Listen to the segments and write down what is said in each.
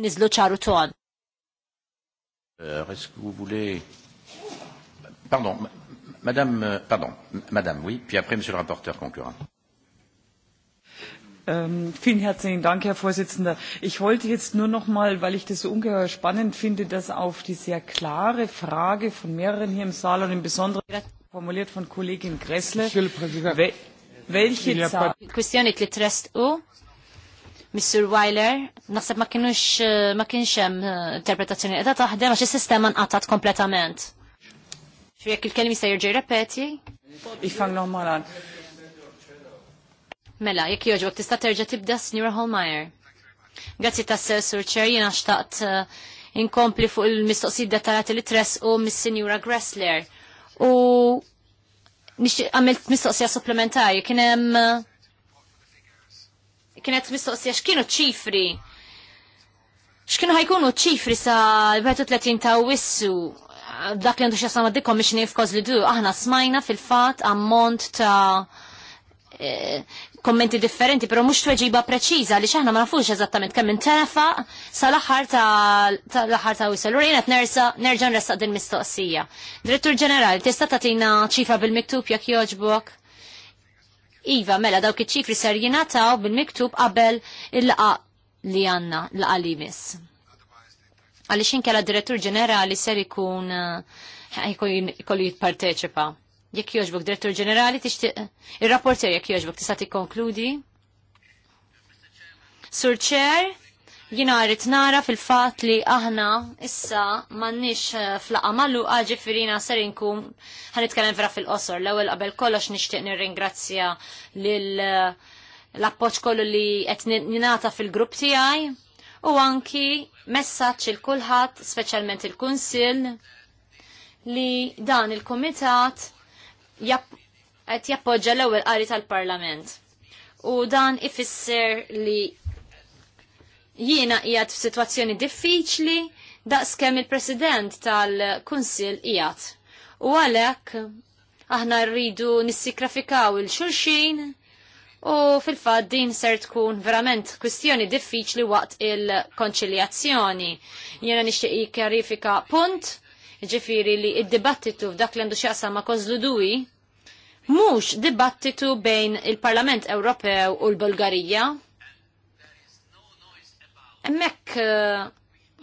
nizlu ċaru ton. Euh, est-ce que vous voulez... Pardon, madame, euh, pardon, madame, oui, puis après, monsieur le rapporteur concurrent. Ähm, vielen herzlichen Dank, Herr Vorsitzender. Ich wollte jetzt nur noch mal, weil ich das so ungeheuer spannend finde, dass auf die sehr klare Frage von mehreren hier im Saal und im Besonderen formuliert von Kollegin Gressle, wel welche Zahl... Mr. Weiler, naħseb ma kienux eh, ma kienx hemm eh, interpretazzjoni qiegħda taħdem għax is-sistema nqatat kompletament. X'jekk il-kelmi se jerġa' jirrepeti? Ifang normalan. Mela, jekk jogħġbok tista' terġa' tibda Sinjura Holmeyer. Grazzi Sir sur Chair. jiena xtaqt eh, inkompli fuq il-mistoqsijiet dettalati li tress u mis-Sinjura Gressler. U nixtieq għamilt mistoqsija supplementari, kien hemm kienet mistoqsija x'kienu ċifri x'kienu ħajkunu ċifri sa l-31 ta' wissu dak li għandu xasama di commissioning of li du, aħna smajna fil-fat ammont ta' eh, kommenti differenti, pero mux tweġiba preċiza li xaħna ma nafux eżattament kemm intefa sa l-aħħar ta' l-aħħar ta' wisel. Urejna nersa nerġa' nressaq din mistoqsija. Direttur ġenerali, tista' tagħtina ċifra bil-miktub jekk jogħġbok? Iva, mela, dawk iċ-ċifri ser jinataw bil-miktub qabel il-laqa li għanna, laqa li mis. Għalix inkella direttur ġenerali ser ikun eh, jkollu jitparteċipa. Jekk joġbuk, direttur ġenerali, tixtieq. Ir-rapporter jekk joġbuk, tista' tikkonkludi. Sur Chair, Jina rrit nara fil-fat li aħna issa mannix eh, flaqa mallu għagġi ah, firina ser inkum ħanitkellem vera fil-qosor. l ewwel qabel kollox nixtieq nirringrazzja lil eh, l-appoċ kollu li qed ninata fil-grupp tiegħi u anki messaġġ il kulħadd speċjalment il-Kunsill li dan il-Kumitat qed jappoġġa l-ewwel qari tal-Parlament. U dan ifisser li Jiena qiegħed f'sitwazzjoni diffiċli daqskemm il-President tal-Kunsill qiegħed. U għalhekk aħna rridu nissikrafikaw il-xulxin u fil-fatt din ser tkun verament kwistjoni diffiċli waqt il-konċiljazzjoni. Jiena nixtieq jikkarifika punt ġifiri li id-dibattitu f'dak li għandu xaqsa ma' kozludui, mux dibattitu bejn il-Parlament Ewropew u l-Bulgarija, Emmek eh,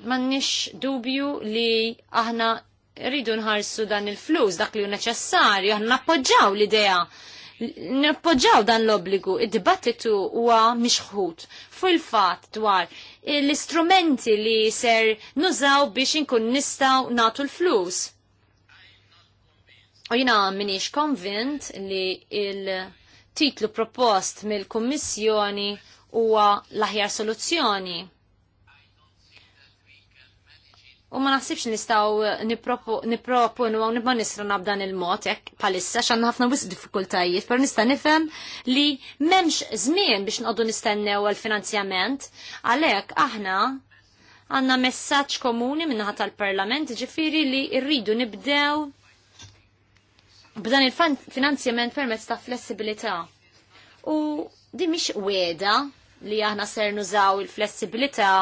mannix dubju li aħna rridu nħarsu dan il-flus, dak li hu neċessarju, aħna nappoġġaw l-idea nappoġġaw dan l-obbligu, id-dibattitu huwa mixħut fuq il-fatt dwar l-istrumenti li ser nużaw biex inkun nistaw natu l-flus. U jina minix konvint li il-titlu propost mill-Kummissjoni huwa l-aħjar soluzzjoni. U ma naħsibx nistaw niproponu għaw nibba nisra nabdan il-mod, jek palissa, xan ħafna wis diffikultajiet, per nista nifem li memx zmin biex nqoddu nistennew għal-finanzjament, għalek aħna għanna messaċ komuni minnaħat tal-parlament, ġifiri li irridu nibdew b'dan il-finanzjament permezz ta' flessibilità. U di miex weda li aħna ser nużaw il-flessibilità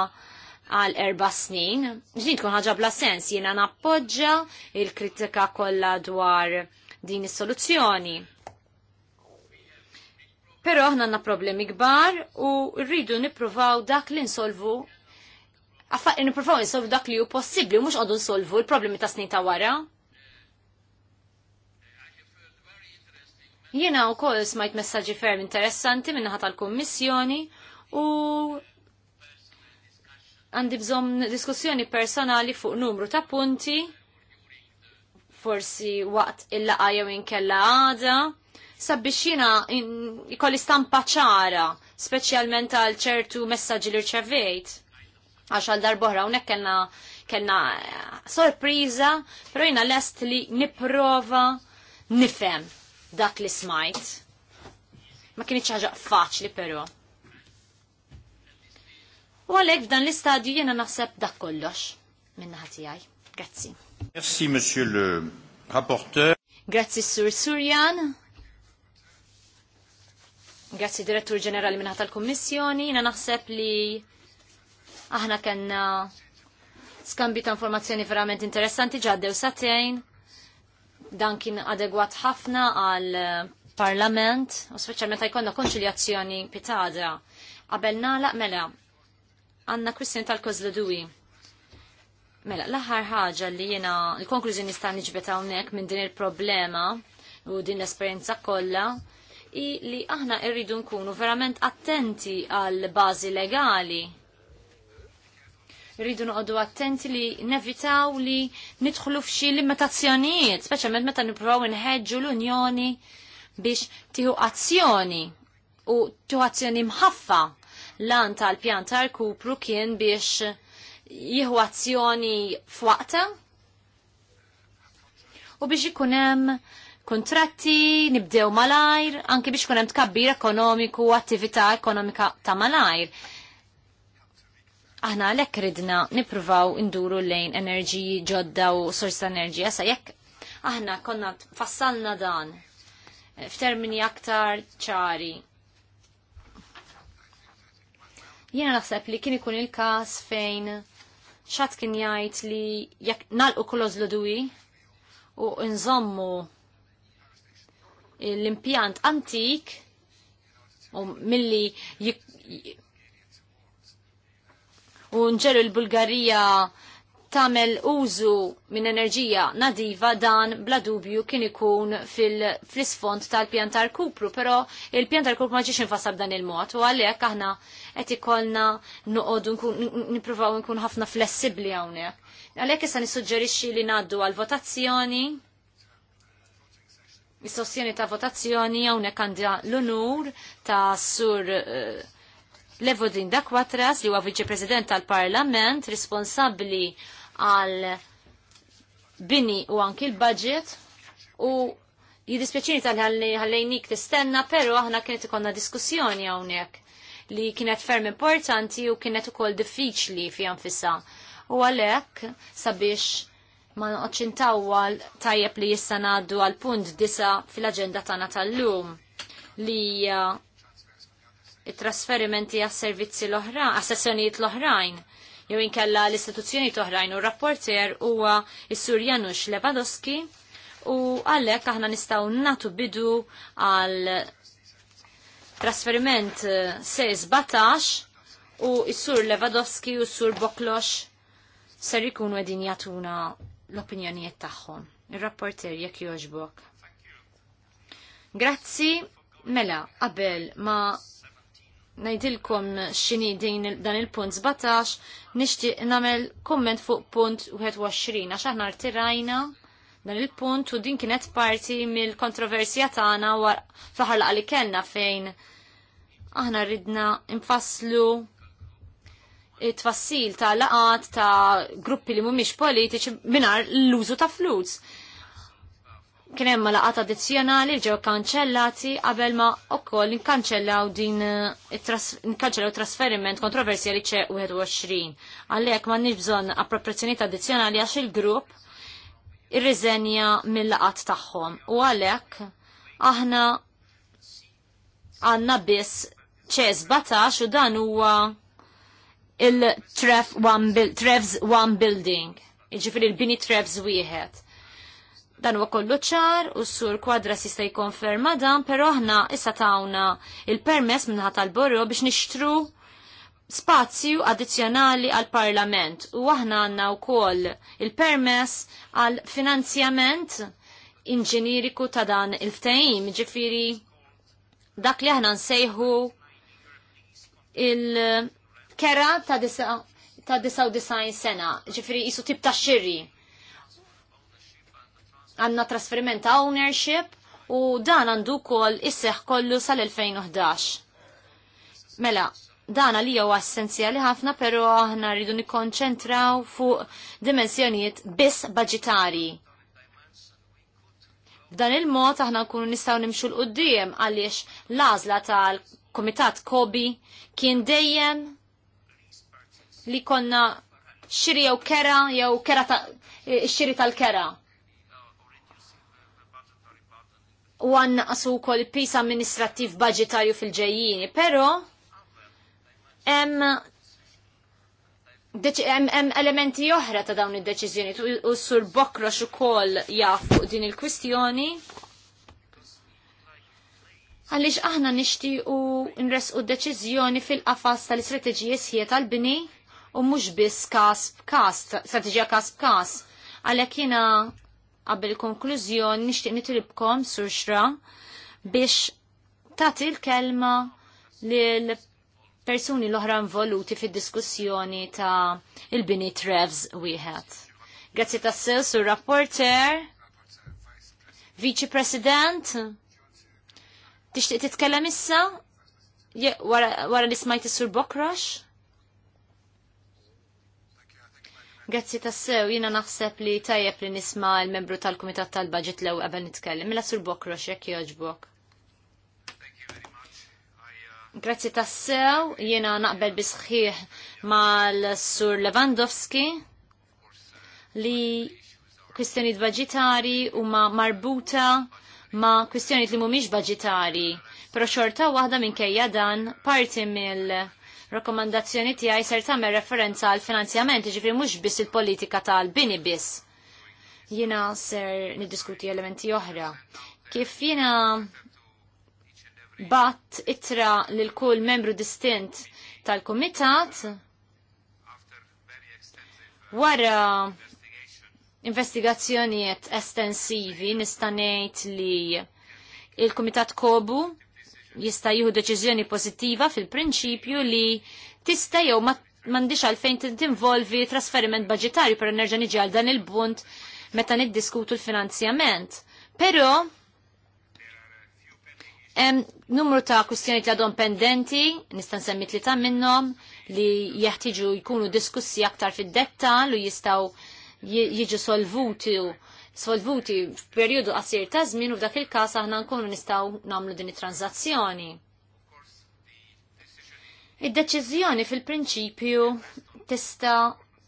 għal erba snin. Ġin tkun ħaġa bla sens jiena nappoġġa il-kritika kollha dwar din is-soluzzjoni. Però aħna għandna problemi kbar u rridu nippruvaw dak li nsolvu Affa, niprofaw nsolvu dak li ju possibli, u mux għadu nsolvu il-problemi ta' snin ta' wara. Jena u kol smajt messagġi ferm interessanti minna ħat tal-kommissjoni u għandi bżonn diskussjoni personali fuq numru ta' punti, forsi waqt il-laqa jew inkella għada, sabiex jina ikolli stampa ċara, speċjalment għal ċertu messaġġi li rċevejt. Għax għal darbohra unek kena, kena eh, sorpriża, pero jina lest li niprova nifhem dak li smajt. Ma kienx ħaġa faċli però. U għalhekk f'dan l-istadju jiena naħseb dak kollox minna ħatijaj. Grazzi. Merci, monsieur le rapporteur. Grazzi, Sur Surjan. Grazzi, Direttur Ġenerali minna tal-Kommissjoni. Jiena naħseb li aħna kanna skambi ta' informazzjoni verament interessanti ġaddew satejn. Dan kien adegwat ħafna għal parlament, u speċjalment jkollna konċiljazzjoni pitadra. Qabel nalaq mela, għanna kwistjoni tal-kozlodui. Mela, l-aħħar ħaġa li jena l-konklużjoni sta' niġbet hawnhekk minn din il-problema u din l-esperjenza kollha i li aħna irridu nkunu verament attenti għal bażi legali. Irridu noqogħdu attenti li nevitaw li nidħlu f'xi limitazzjonijiet, speċjalment meta nippruw inħeġġu l-Unjoni biex tieħu azzjoni u tieħu azzjoni mħaffa lan tal-pjan tal-kupru kien biex jihu azzjoni f'waqta u biex ikunem kontratti, nibdew malajr, anki biex kunem tkabbir ekonomiku, attività ekonomika ta' malajr. Aħna lekk ridna nipruvaw induru lejn enerġiji ġodda u sorsa ta' enerġija sa' jekk aħna konna fassalna dan eh, f'termini aktar ċari Jiena naħseb li kien ikun il-każ fejn xat kien jgħid li jekk nalqu kollox l-dwi u nżommu l-impjant antik u milli u nġelu l-Bulgarija tamel użu minn enerġija nadiva dan bla dubju kien ikun fil-isfond tal-pjantar kupru, pero il-pjantar kupru ma ġiex infasab dan il-mod u għalhekk aħna qed ikollna noqogħdu nippruvaw nkun ħafna flessibbli hawnhekk. Għalhekk issa nissuġġerixxi li ngħaddu għal votazzjoni Is-sossjoni ta' votazzjoni hawnhekk għandha l-unur ta' sur Levodin eh, Levodin Dakwatras li huwa viċi-president tal-Parlament responsabbli għal bini u anki l-budget u jidispeċini tal-ħallejnik tistenna, pero aħna kienet ikonna diskussjoni għawnek li kienet ferm importanti u kienet ukoll diffiċli fi anfissa. U għalek sabiex ma noqċintawwal tajjeb li jissa naddu għal punt disa fil-agenda tagħna tal-lum li uh, it-trasferimenti għas servizzi l-oħrajn, għas sessjonijiet l-oħrajn jew inkella l-istituzzjoni toħrajn u rapporter huwa s-Sur Janusz Lewandowski u għalhekk aħna nistgħu natu bidu għal trasferiment eh, se 17 u s-Sur Lewandowski u s-Sur Boklox ser ikunu qegħdin jagħtuna l-opinjonijiet tagħhom. Ir-rapporter jekk jogħġbok. Grazzi, mela, qabel ma najdilkom xini din dan il-punt 17, nishtiq namel komment fuq punt 21, għax aħna rtirajna dan il-punt u din kienet parti mill-kontroversja tagħna war fl aħħar li kellna fejn aħna ridna nfasslu it-tfassil ta' laqat ta' gruppi li mhumiex politiċi minar l-użu ta' flus kien hemm laqat addizzjonali li ġew kanċellati qabel ma wkoll nkanċellaw din eh, nkanċellaw trasferiment kontroversjali ċe 21. Għalhekk m'għandniex bżonn appropriazzjonijiet addizzjonali għax il-grupp irriżenja mill-laqat tagħhom. U għalhekk aħna għandna biss ċe 17 u dan huwa il-Trefs One Building. Iġifieri il-bini Trefs wieħed dan huwa kollu ċar u s-sur kwadra sista jkonferma dan, pero aħna issa tawna il-permess minnaħat tal-borro biex nixtru spazju addizzjonali għal parlament u aħna għanna u koll il-permess għal finanzjament inġeniriku ta' dan il-ftajim, ġifiri dak li aħna nsejħu il-kera ta' 99 sena, ġifiri jisu tip ta' xirri għanna trasferiment ta' ownership u dan għandu kol isseħ kollu sal-2011. Mela, dan li huwa essenzjali ħafna pero aħna rridu nikkonċentraw fuq dimensjonijiet biss budgetari. B'dan il-mod aħna nkunu nistgħu nimxu l qudiem għaliex l-għażla tal-Kumitat Kobi kien dejjem li konna xiri jew kera jew kera ta' eh, xiri tal-kera u għanna qasu kol pis amministrativ budgetarju fil-ġejjini, pero hemm elementi oħra ta' dawn id-deċiżjoni u sur Bokrox ukoll jaf fuq din il-kwistjoni. Għaliex aħna nixtiequ nresqu deċizjoni fil-qafas tal-istrateġija sħiet tal-bini u mhux biss kas b'kas, strateġija kas b'kas. Għalhekk qabel konklużjoni nixtieq nitlibkom sur xra biex tagħti l-kelma lil persuni l-oħra involuti fid-diskussjoni ta' il-bini Trevs wieħed. Grazzi tas-sil, sur rapporter, Vice President, tixtieq titkellem issa? wara li smajt is-sur Bokrax? Grazzi tassew, jina naħseb li tajjeb li nisma l-membru tal-Kumitat tal-Budget ewwel qabel nitkellem. Mela sur Bokrox, jekk joġbok. Grazzi tassew, jina naqbel bisħiħ mal-sur Lewandowski li kwistjoni budgetari u ma marbuta ma kwistjoni li mhumiex budgetari. Pero xorta waħda minn kejja dan parti mill- Rakkomandazzjoni tiegħi ser tagħmel referenza għal finanzjament, ġifri mhux biss il-politika tal-bini biss. Jiena ser niddiskuti elementi oħra. Kif jiena bat itra lil kull membru distint tal-kumitat wara investigazzjonijiet estensivi nistanejt li il-Kumitat Kobu jista' jieħu deċiżjoni pożittiva fil-prinċipju li tista' jew m'għandix għalfejn tinvolvi trasferiment budgetarju per nerġa' niġi għal dan il-punt meta niddiskutu l-finanzjament. Però hemm numru ta' kwistjoni ta' għadhom pendenti, nista' nsemmi tlieta minnhom li jeħtiġu jkunu diskussi aktar fid dettall u jistgħu jiġu solvuti Svolvuti f'perjodu qasir ta' żmien u f'dak il-każ aħna nkunu nistgħu nagħmlu din it transazzjoni Id-deċiżjoni fil-prinċipju tista'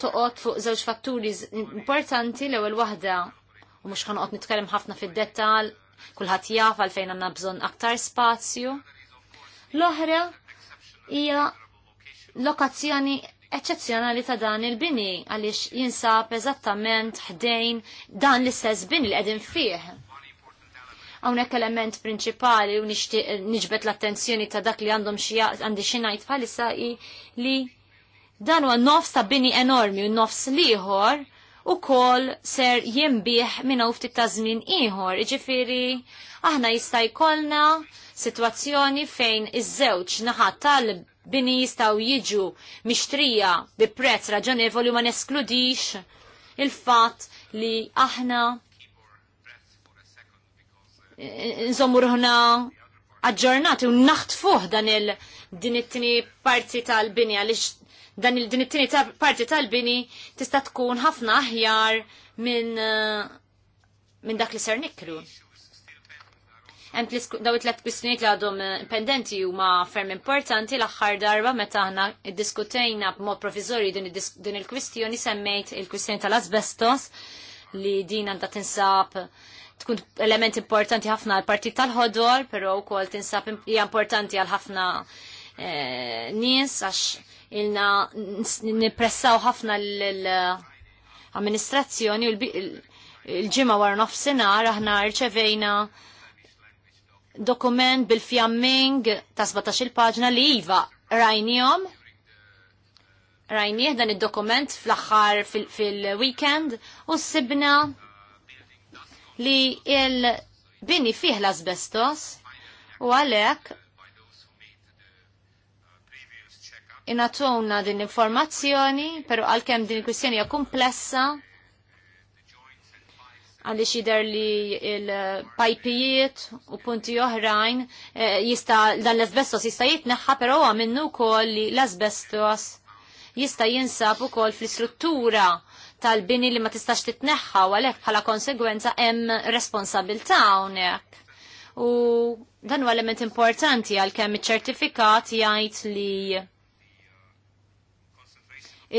toqgħod fuq żewġ fatturi importanti l-ewwel waħda u mhux ħanqgħod nitkellem ħafna fid-dettall, kulħadd jaf għalfejn għandna bżonn aktar spazju. L-oħra hija lokazzjoni eċċezzjonali ta' dan il-bini għaliex jinsab eżattament ħdejn dan l-istess bini li qegħdin fih. Hawnhekk element prinċipali u nixtieq niġbet l-attenzjoni ta' dak li għandhom xi għandi xi ngħid bħalissa li dan huwa nofs ta' bini enormi u nofs liħor u kol ser jimbiħ minna ftit ta' żmien ieħor. Ġifiri, aħna jista' jkollna situazzjoni fejn iż-żewġ naħat tal-bini jistgħu jiġu mixtrija bi prezz raġonevoli ma neskludix il-fatt li aħna nżommu ruħna aġġornati u naħtfuh dan il din it-tini parti tal-bini għaliex dan il-din it-tini parti tal-bini tista' tkun ħafna aħjar minn eh, min dak li ser nikru. Hemm daw it-tlet kwistjonijiet li għadhom eh, pendenti huma ferm importanti l-aħħar darba meta aħna iddiskutejna b'mod proviżorju din il-kwistjoni semmejt il-kwistjoni tal-asbestos li din għandha tinsab tkun element importanti ħafna għal partit tal-ħodor, però wkoll tinsab hija importanti għal ħafna eh, nies għax ilna nipressaw ħafna l-amministrazzjoni u l-ġimma wara nofsinhar aħna rċevejna dokument bil-fjamming ta' 17 il-paġna li iva rajnijom rajnieh dan id-dokument fl-axħar fil-weekend u sibna li il-bini fih l-asbestos u għalek inatuna din informazzjoni, pero għalkemm din il-kwistjoni hija komplessa għaliex jidher li il-pajpijiet u punti oħrajn eh, jista' dan l-asbestos jista' jitneħħa, però huwa minnu wkoll li l-asbestos jista' jinsab ukoll fl-istruttura tal-bini li ma tistax titneħħa u għalhekk bħala konsegwenza hemm responsabilità hawnhekk. U dan huwa element importanti għalkemm iċ-ċertifikat jgħid li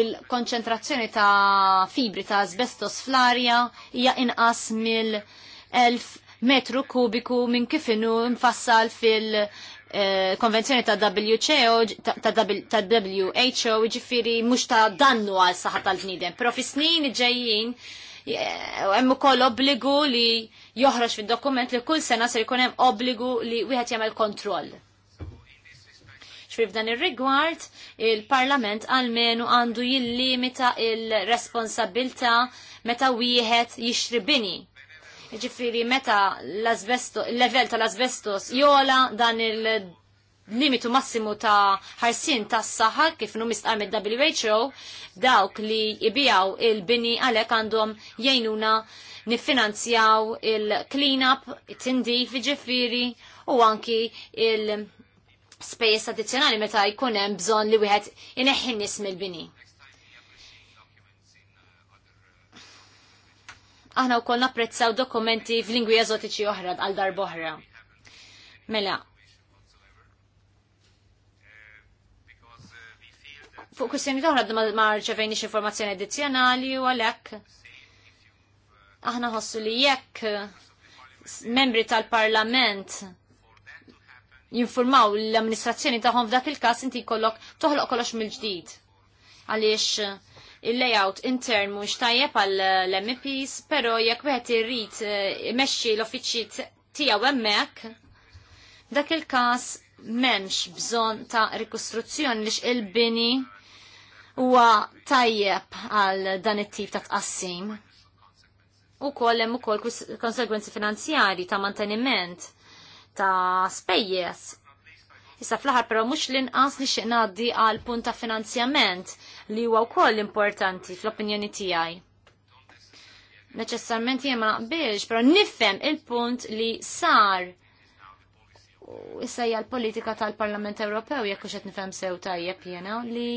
il-konċentrazzjoni ta' fibri ta' asbestos fl-arja hija inqas mill-1000 metru kubiku minn kif inhu mfassal fil- konvenzjoni ta' WCO, ta' WHO, ġifiri mux ta' dannu għal saħħa tal-bnidem. Pero fi snin ġejjin, e, hemm ukoll obbligu li joħroġ fid-dokument li kull sena se jkun hemm obbligu li wieħed jagħmel kontroll ċfir f'dan ir-rigward il-Parlament għalmenu għandu jillimita il-responsabilta meta wieħed jixri bini. Ġifiri meta l-level tal-asbestos jola dan il- limitu massimu ta' ħarsin ta' s-saħħa kif nu mistqar il WHO dawk li jibijaw il-bini għalek għandhom jgħinuna nifinanzjaw il-cleanup, it-tindif, ġifiri u anki il- space addizzjonali meta jkun hemm bżonn li wieħed ineħħi nies mill-bini. Aħna wkoll napprezzaw dokumenti f'lingwi eżotiċi oħra għal darb'oħra. Mela, fuq kwistjoni oħra ma rċevejniex informazzjoni addizzjonali u għalhekk aħna ħossu li jekk membri tal-parlament jinformaw l-amministrazzjoni tagħhom f'dak il-każ inti jkollok toħloq kollox mill-ġdid. Għaliex eh, il-layout intern mhux tajjeb għall eh, mps però jekk wieħed irrid eh, imexxi l-offiċċji tiegħu hemmhekk, dak il-każ m'hemmx bżonn ta' rikostruzzjoni lix il-bini huwa tajjeb għal dan it-tip ta' tqassim. Ukoll hemm ukoll konsegwenzi finanzjari ta' manteniment ta' spejjes. Issa fl-aħħar però mhux l-inqas li ngħaddi għal punt ta' finanzjament li huwa wkoll importanti fl-opinjoni tiegħi. Neċessarment jiena ma naqbilx, però nifhem il-punt li sar issa l-politika tal-Parlament Ewropew jekk qed nifhem sew tajjeb jiena li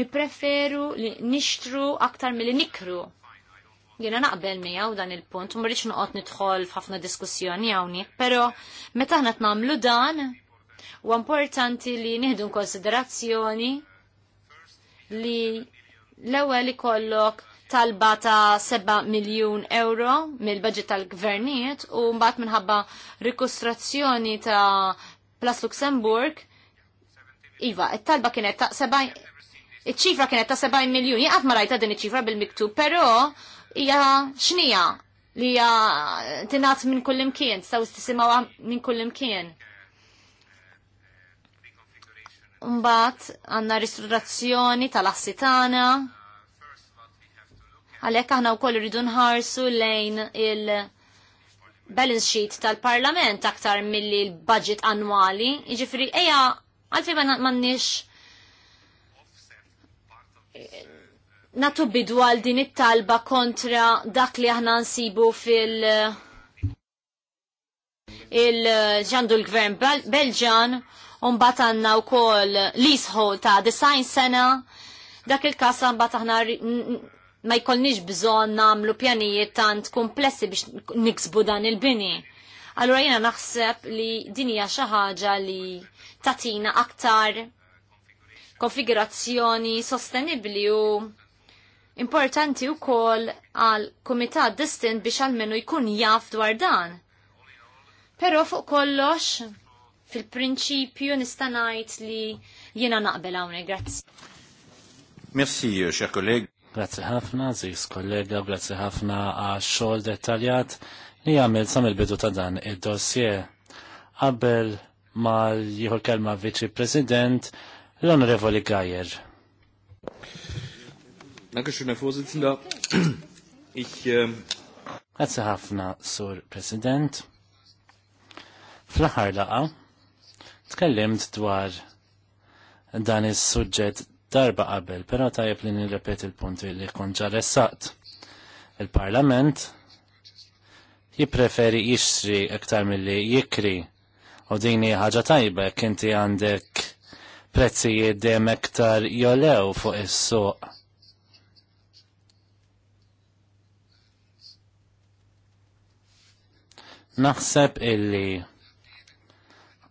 nippreferu li nixtru aktar milli nikru Jiena naqbel miegħu dan il-punt, u nuqot noqgħod nidħol f'ħafna diskussjoni hawnhekk, pero meta aħna nagħmlu dan, huwa importanti li nieħdu konsiderazzjoni li l-ewwel ikollok talba ta' 7 miljun euro mill-budget tal-gvernijiet u mbagħad minħabba rikostrazzjoni ta' Plus Luxemburg Iva, it-talba kienet ta' 7 iċ-ċifra kienet ta' 7 miljun, jgħat ma din iċ-ċifra bil-miktub, però hija xnija li hija tingħat minn kull imkien, tistgħu tisimgħuha minn kull imkien. Mbagħad għandna ristrurazzjoni tal-assi tagħna. Għalhekk aħna wkoll irridu nħarsu lejn il- balance sheet tal-parlament aktar milli l-budget annwali, jiġifieri eja għalfej ma nix natu bidu għal din it-talba kontra dak li aħna nsibu fil- il-ġandu l-gvern Belġan un-bat għanna u kol leasehold ta' design sena dak il-kas un-bat aħna ma jkollniġ bżon namlu pjanijiet tant komplessi biex niksbu dan il-bini. Allura jena naħseb li dinija xaħġa li tatina aktar konfigurazzjoni sostenibli u Importanti wkoll għal kumitat distint biex għalmenu jkun jaf dwar dan. Però fuq kollox, fil-prinċipju nista' ngħid li jiena naqbel għawni, grazzi. Merci, euh, cher collègue. Grazzi ħafna, zis kollega, grazzi ħafna għax xogħol dettaljat li għamil sam il-bidu ta' dan id-dossier. Qabel mal jieħu kelma viċi president l-onorevoli Gajer. Dankeschön, Herr Vorsitzender. Ich. Ähm, Grazie ħafna, Sur President. Fl-aħħar laqa, tkellimt dwar dan is-suġġett darba qabel, però tajab li nirrepet il-punti li kont ressaqt. Il-Parlament jippreferi jixtri iktar milli jikri u dini ħaġa tajba inti għandek prezzijiet dem iktar jolew fuq is-suq Naħseb illi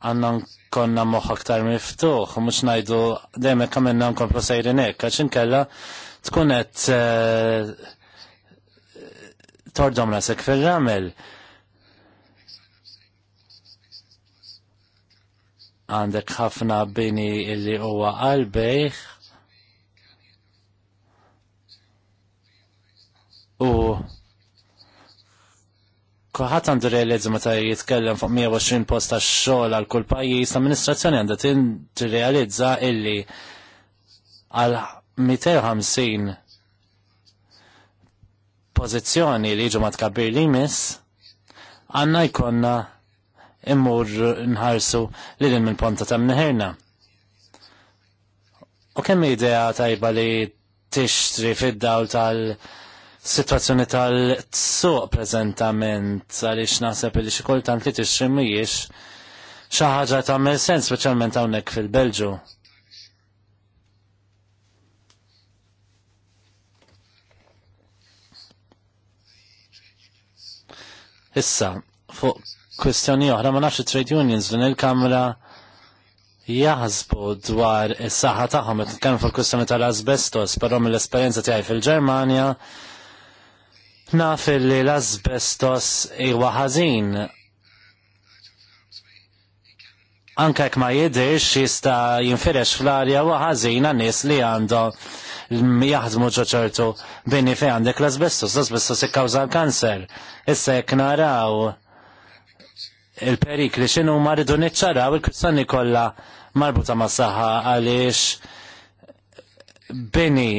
għanna konna moħ aktar miftuħ, mux najdu d dejme kamenna nkomplu prosajrinek, għaxin kella tkunet eh, tordom rasek fil-ramel. Għandek ħafna bini illi huwa qalbejħ u Kuħat għandu ma meta jitkellem fuq 120 post ta' xogħol għal kull pajjiż, l-amministrazzjoni għandha tirrealizza illi għal 250 pożizzjoni li ġu ma tkabbir li jmiss, għandna jkollna immur nħarsu li din minn ponta ta' mniħirna. U kemm idea tajba li tixtri fid-dawl tal- situazzjoni tal-tsuq prezentament għaliex naħseb li xi kultant li tixri mhijiex xi ħaġa tagħmel sens speċjalment hawnhekk fil-Belġu. Issa, fuq kwestjoni oħra ma nafx trade unions din il-Kamra jaħsbu dwar is-saħħa tagħhom qed kemm fuq kwestjoni tal-asbestos, però mill-esperjenza tiegħi fil-Ġermanja naf li l azbestos iwa ħażin. Anke jekk ma jidhirx jista' jinfirex fl-arja wa ħażin għan-nies li għandhom jaħdmu ġo ċertu bini fejn għandek l-asbestos, l-asbestos ikkawża l-kanser. Issa jekk naraw il-perikli x'inhu ma rridu niċċaraw il-kristjani kollha marbuta ma' saħħa għaliex bini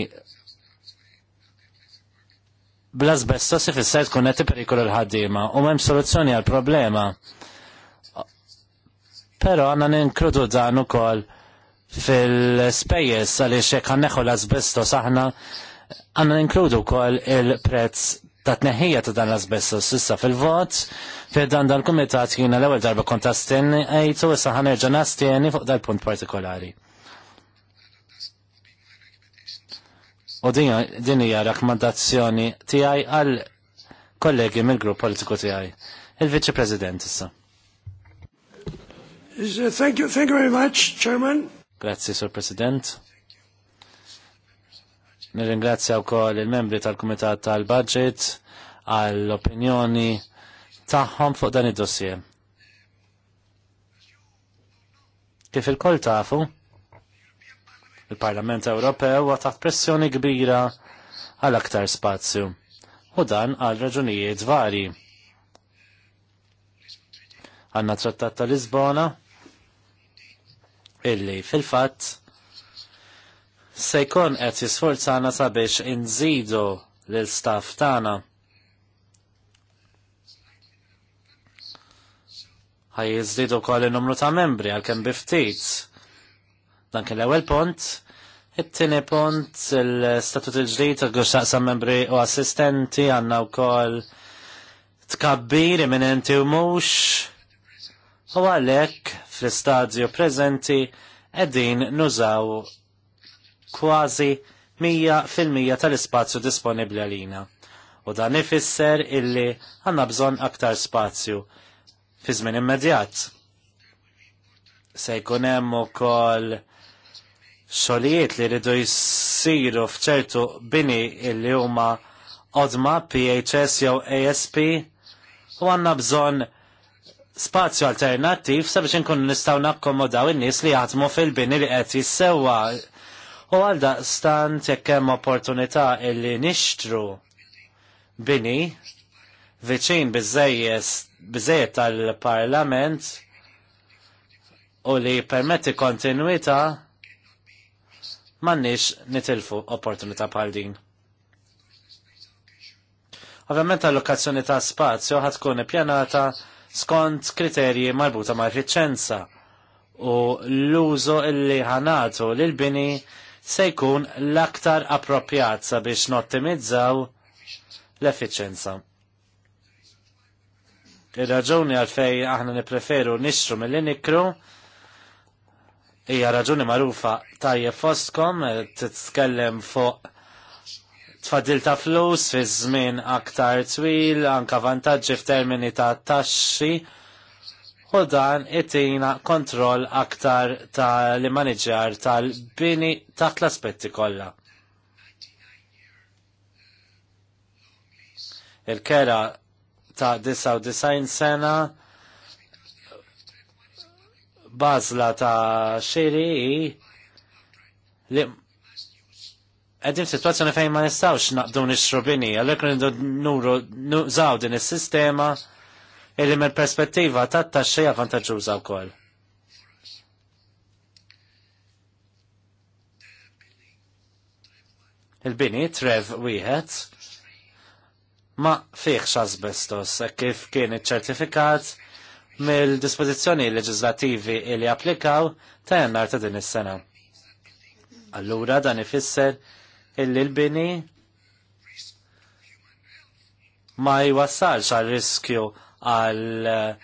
bl-asbestos ifisser tkun qed perikolu l-ħaddiema u mem soluzzjoni għal problema. Però għandna ninkludu dan ukoll fil spejjes għaliex hekk ħanneħu l-asbestos aħna għandna ninkludu wkoll il-prezz ta' tneħħija ta' dan l-asbestos issa fil-vot fil dan dal-kumitat jiena l-ewwel darba kont għajtu issa ħanerġa' nastieni fuq dal-punt partikolari. U din hija rakkomandazzjoni tiegħi għal kollegi mill-grupp politiku tiegħi. Il-Viċi President issa. Uh, thank you, thank you very much, Chairman. Grazzi, Sur President. Nirringrazzja wkoll il-membri tal-Kumitat tal-Budget għall-opinjoni tagħhom fuq dan id-dossier. Kif il-koll tafu, Il-Parlament Ewropew huwa taħt pressjoni kbira għal aktar spazju. U dan għal raġunijiet vari. Għanna trattat ta' Lisbona, illi fil-fatt se jkun qed jisforzana sabiex inżidu l-staff tagħna. Ħaj jiżdiedu wkoll in-numru ta' membri għalkemm bi ftit Dan kien l-ewwel pont. It-tieni pont il-statut il-ġdid ta' għaxtaqsa membri u assistenti għandna wkoll tkabbir imminenti u mhux. U għalhekk fl-istadju preżenti qegħdin nużaw kważi 100% tal-ispazju disponibli għalina. U dan ifisser illi għanna bżon aktar spazju fi żmien immedjat. Se jkun hemm ukoll xolijiet li rridu jissiru fċertu bini illi huma odma PHS jew ASP u għanna bżon spazju alternattiv sabiex nkunu nistgħu nakkomodaw in-nies li jaħdmu fil-bini li qed jissewwa. U għal daqstant jekk hemm opportunità illi nixtru bini viċin biżejjed tal-Parlament u li permetti kontinuità m'għandniex nitilfu opportunità bħal din. Ovvjament allokazzjoni ta' spazju ħad tkun ippjanata skont kriterji marbuta ma' effiċenza u l-użu illi ħanatu lil bini se jkun l-aktar appropjat sabiex nottimizzaw l-effiċenza. Ir-raġuni għalfej aħna nipreferu nixtru mill inikru nikru hija raġuni magħrufa tajjeb fostkom eh, titkellem fuq tfadil ta' flus fi żmien aktar twil, anka vantaġġi f'termini ta' taxxi u dan itina kontroll aktar tal-manager tal-bini taħt l-aspetti kollha. Il-kera ta' 99 sena bazla ta' xiri li għedim situazzjoni fejn ma nistawx naqdu nixrobini, għallek rindu nuru nużaw din is-sistema illi mill perspettiva ta' taxxija vantaġġuża wkoll. Il-bini trev wieħed ma fiħx asbestos kif kien iċ-ċertifikat mill-dispożizzjoni leġislativi li applikaw ta' jannar ta' din is-sena. Allura dan ifisser illi l-bini ma jwassalx għal riskju għal eh,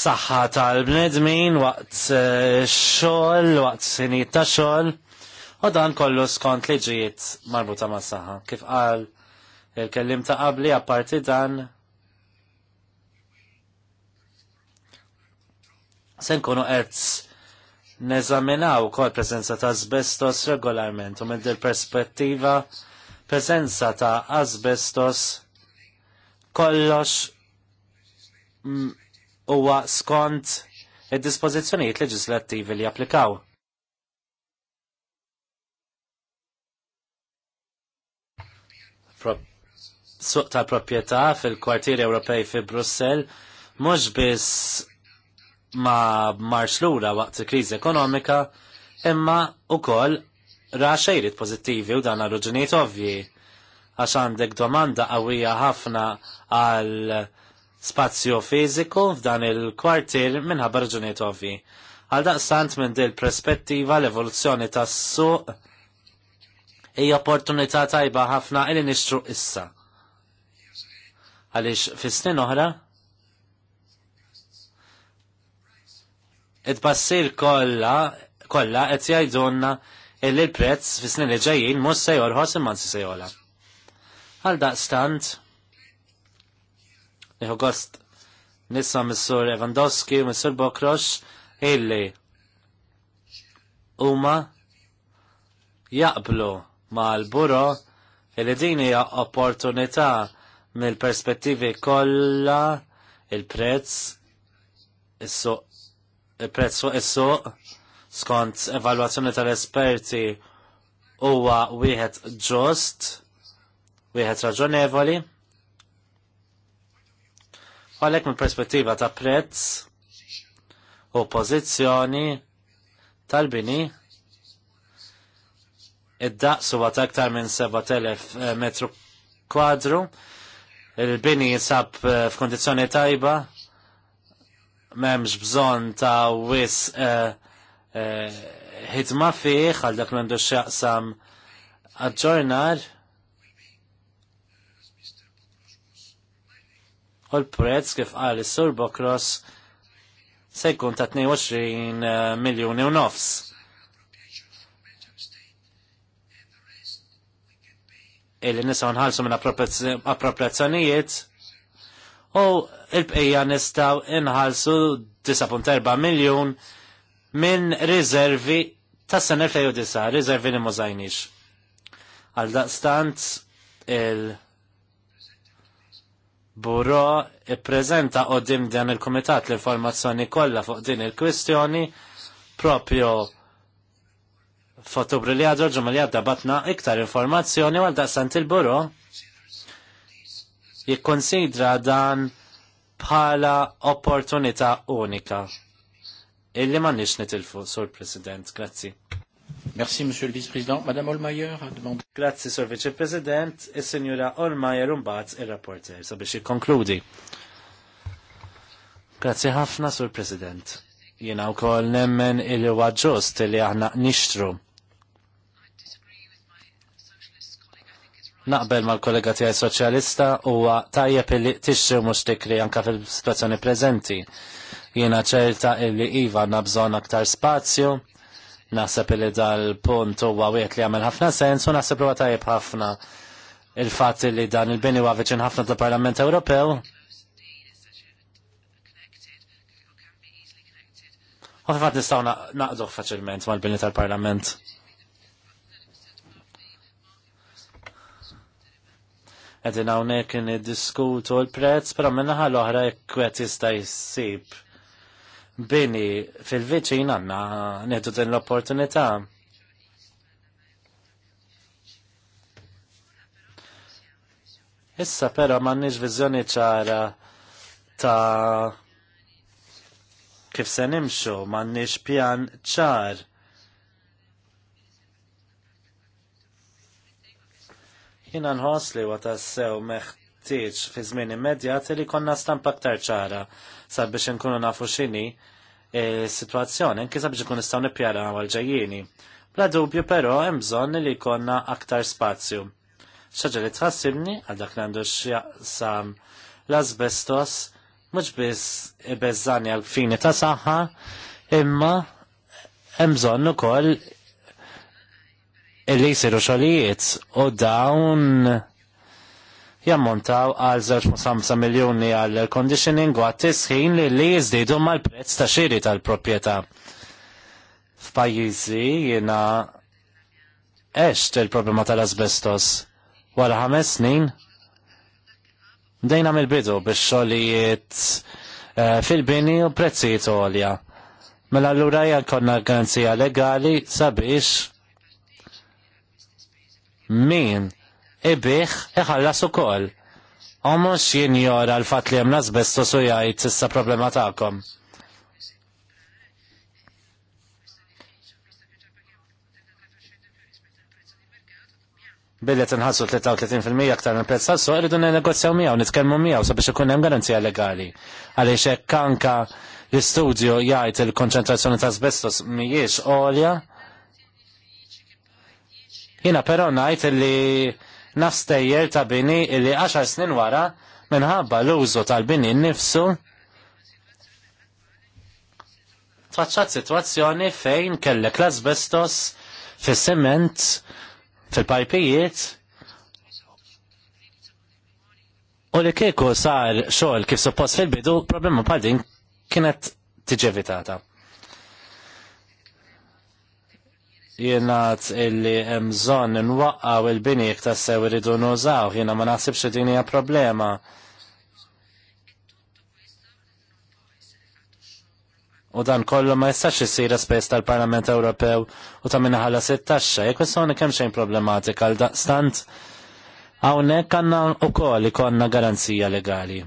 saħħa tal-bnedmin waqt eh, xogħol, waqt sinijiet ta' xogħol, u dan kollu skont liġijiet marbuta ma' saħħa. Kif qal il-kellim ta' qabli apparti dan Sen kunu qed neżaminaw kol prezenza ta' asbestos regolarment u minn perspettiva prezenza ta' asbestos kollox huwa skont id-dispożizzjonijiet leġislattivi li japplikaw. suq tal proprjetà fil kwartier Ewropej fi Brussell mhux biss ma mars lura waqt kriżi ekonomika imma u ra xejrit pozittivi u dan raġunijiet ovvi. għax għandek domanda qawwija ħafna għal spazju fiżiku f'dan il-kwartier minħabba raġunijiet ovvi. Għal daqstant minn dil prespettiva l-evoluzzjoni tas-suq hija opportunità tajba ħafna li nixtru issa. Għaliex fis-snin oħra, et bassir kolla, kolla, et jajdunna illi l-prezz fi snin li ġejjin mux se jorħos imman si se jola. Għal daqstant, liħu gost nissa missur Evandowski, missur Bokrox, illi huma jaqblu ma l-buro illi din hija opportunità mill-perspettivi kollha il-prezz is-suq il-prezz fuq is-suq skont evalwazzjoni tal-esperti huwa wieħed ġust, wieħed raġonevoli. Għalhekk mill perspettiva ta' prezz u pożizzjoni tal-bini id-daqs huwa ta' aktar minn 7000 eh, metru kwadru, il-bini jinsab eh, f'kondizzjoni tajba, memx bżon ta' wis eh, eh, ħidma fiħ għal dak mendu xaqsam għadġornar u l-prezz kif għal sur Bokros sejkun ta' 22 eh, miljoni u nofs. Illi nisa nħalsu minn appropriazzjonijiet u il-bqija nistaw inħalsu 9.4 miljon minn rizervi ta' sena 2009, rizervi li mużajnix. Għal daqstant il- Buro ippreżenta qoddim dan il-Kumitat l-informazzjoni kollha fuq din il-kwistjoni propju f'Ottubru li għadru ġumma li għadda batna iktar informazzjoni għal daqsant il-buro jikkonsidra dan bħala opportunità unika. Illi ma nix nitilfu, Sur President, grazzi. Merci, Monsieur le vice president Madame Olmayer a demandé. Grazie, Sur Vice-President. E signora Olmayer umbat il-rapporter, sabiex jikonkludi. Grazie ħafna, Sur President. Jena u kol nemmen il-li ġust li aħna nishtru. Naqbel mal-kollega tiegħi soċjalista huwa tajjeb illi tixxi mhux tikri anke fil-situazzjoni preżenti. Jiena ċerta illi iva għandna bżonn aktar spazju, naħseb li dal-punt huwa wieħed li jagħmel ħafna sens u naħseb huwa tajjeb ħafna il-fatt li dan il-bini huwa viċin ħafna tal-Parlament Ewropew U fil-fat nistaw naqduħ faċilment mal-bini tal-parlament. Edin għawnek n-diskutu l-prezz, pero minna l-oħra kwet jista jissib. Bini, fil-vicin għanna nieħdu din l-opportunità. Issa però m'għandniex viżjoni ċara ta' kif se nimxu, m'għandniex pjan ċar Jina nħoss li wata sew meħtieġ fi żmien immedjat li konna stampa aktar ċara sabiex nkunu nafu x'inhi situazzjoni anke sabiex ikun staw nipjara għal-ġejjieni. Bla dubju però hemm bżonn li jkollna aktar spazju. Xaġa li tħassibni għal dak li għandu x'jaqsam l-asbestos mhux biss bezzani għal fini ta' saħħa imma hemm bżonn ukoll illi jisiru xogħlijiet u dawn jammontaw għal 0,5 miljoni għal conditioning u għattisħin li li jizdidu mal-prezz ta' xiri tal-propieta. F'pajjiżi jiena eċt il-problema tal-asbestos wara ħames snin dejna mill-bidu biex xogħlijiet eh, fil-bini u prezzijiet għolja. Mela l-urajja konna garanzija legali sabiex min ibiħ iħallas ukoll. U mhux jinjora l-fatt li hemm l su u jgħid issa problema tagħkom. billet nħassu 33% aktar minn prezz tas-suq irridu negozjaw miegħu, nitkellmu miegħu sabiex ikun hemm garanzija legali. Għaliex hekk anka l-istudju jgħid il-konċentrazzjoni ta' asbestos mhijiex għolja Jina però ngħid li nastejjer ta' bini li 10 snin wara minħabba l-użu tal-bini nnifsu tfaċċat sitwazzjoni fejn kellek l-asbestos fis-siment fil-pajpijiet u li kieku sar xogħol kif suppost fil-bidu problema bħal din kienet tiġevitata. jenaħt illi mżon nwaqqaw il-bini ta' sew iridu nużaw, jena ma naħsibx li din hija problema. U dan kollu ma jistax isir spess tal-Parlament Ewropew u ta' minna ħalla 16, jek kwestjoni kem xejn problematika l daqstant hawnhekk għandna wkoll ikonna garanzija legali.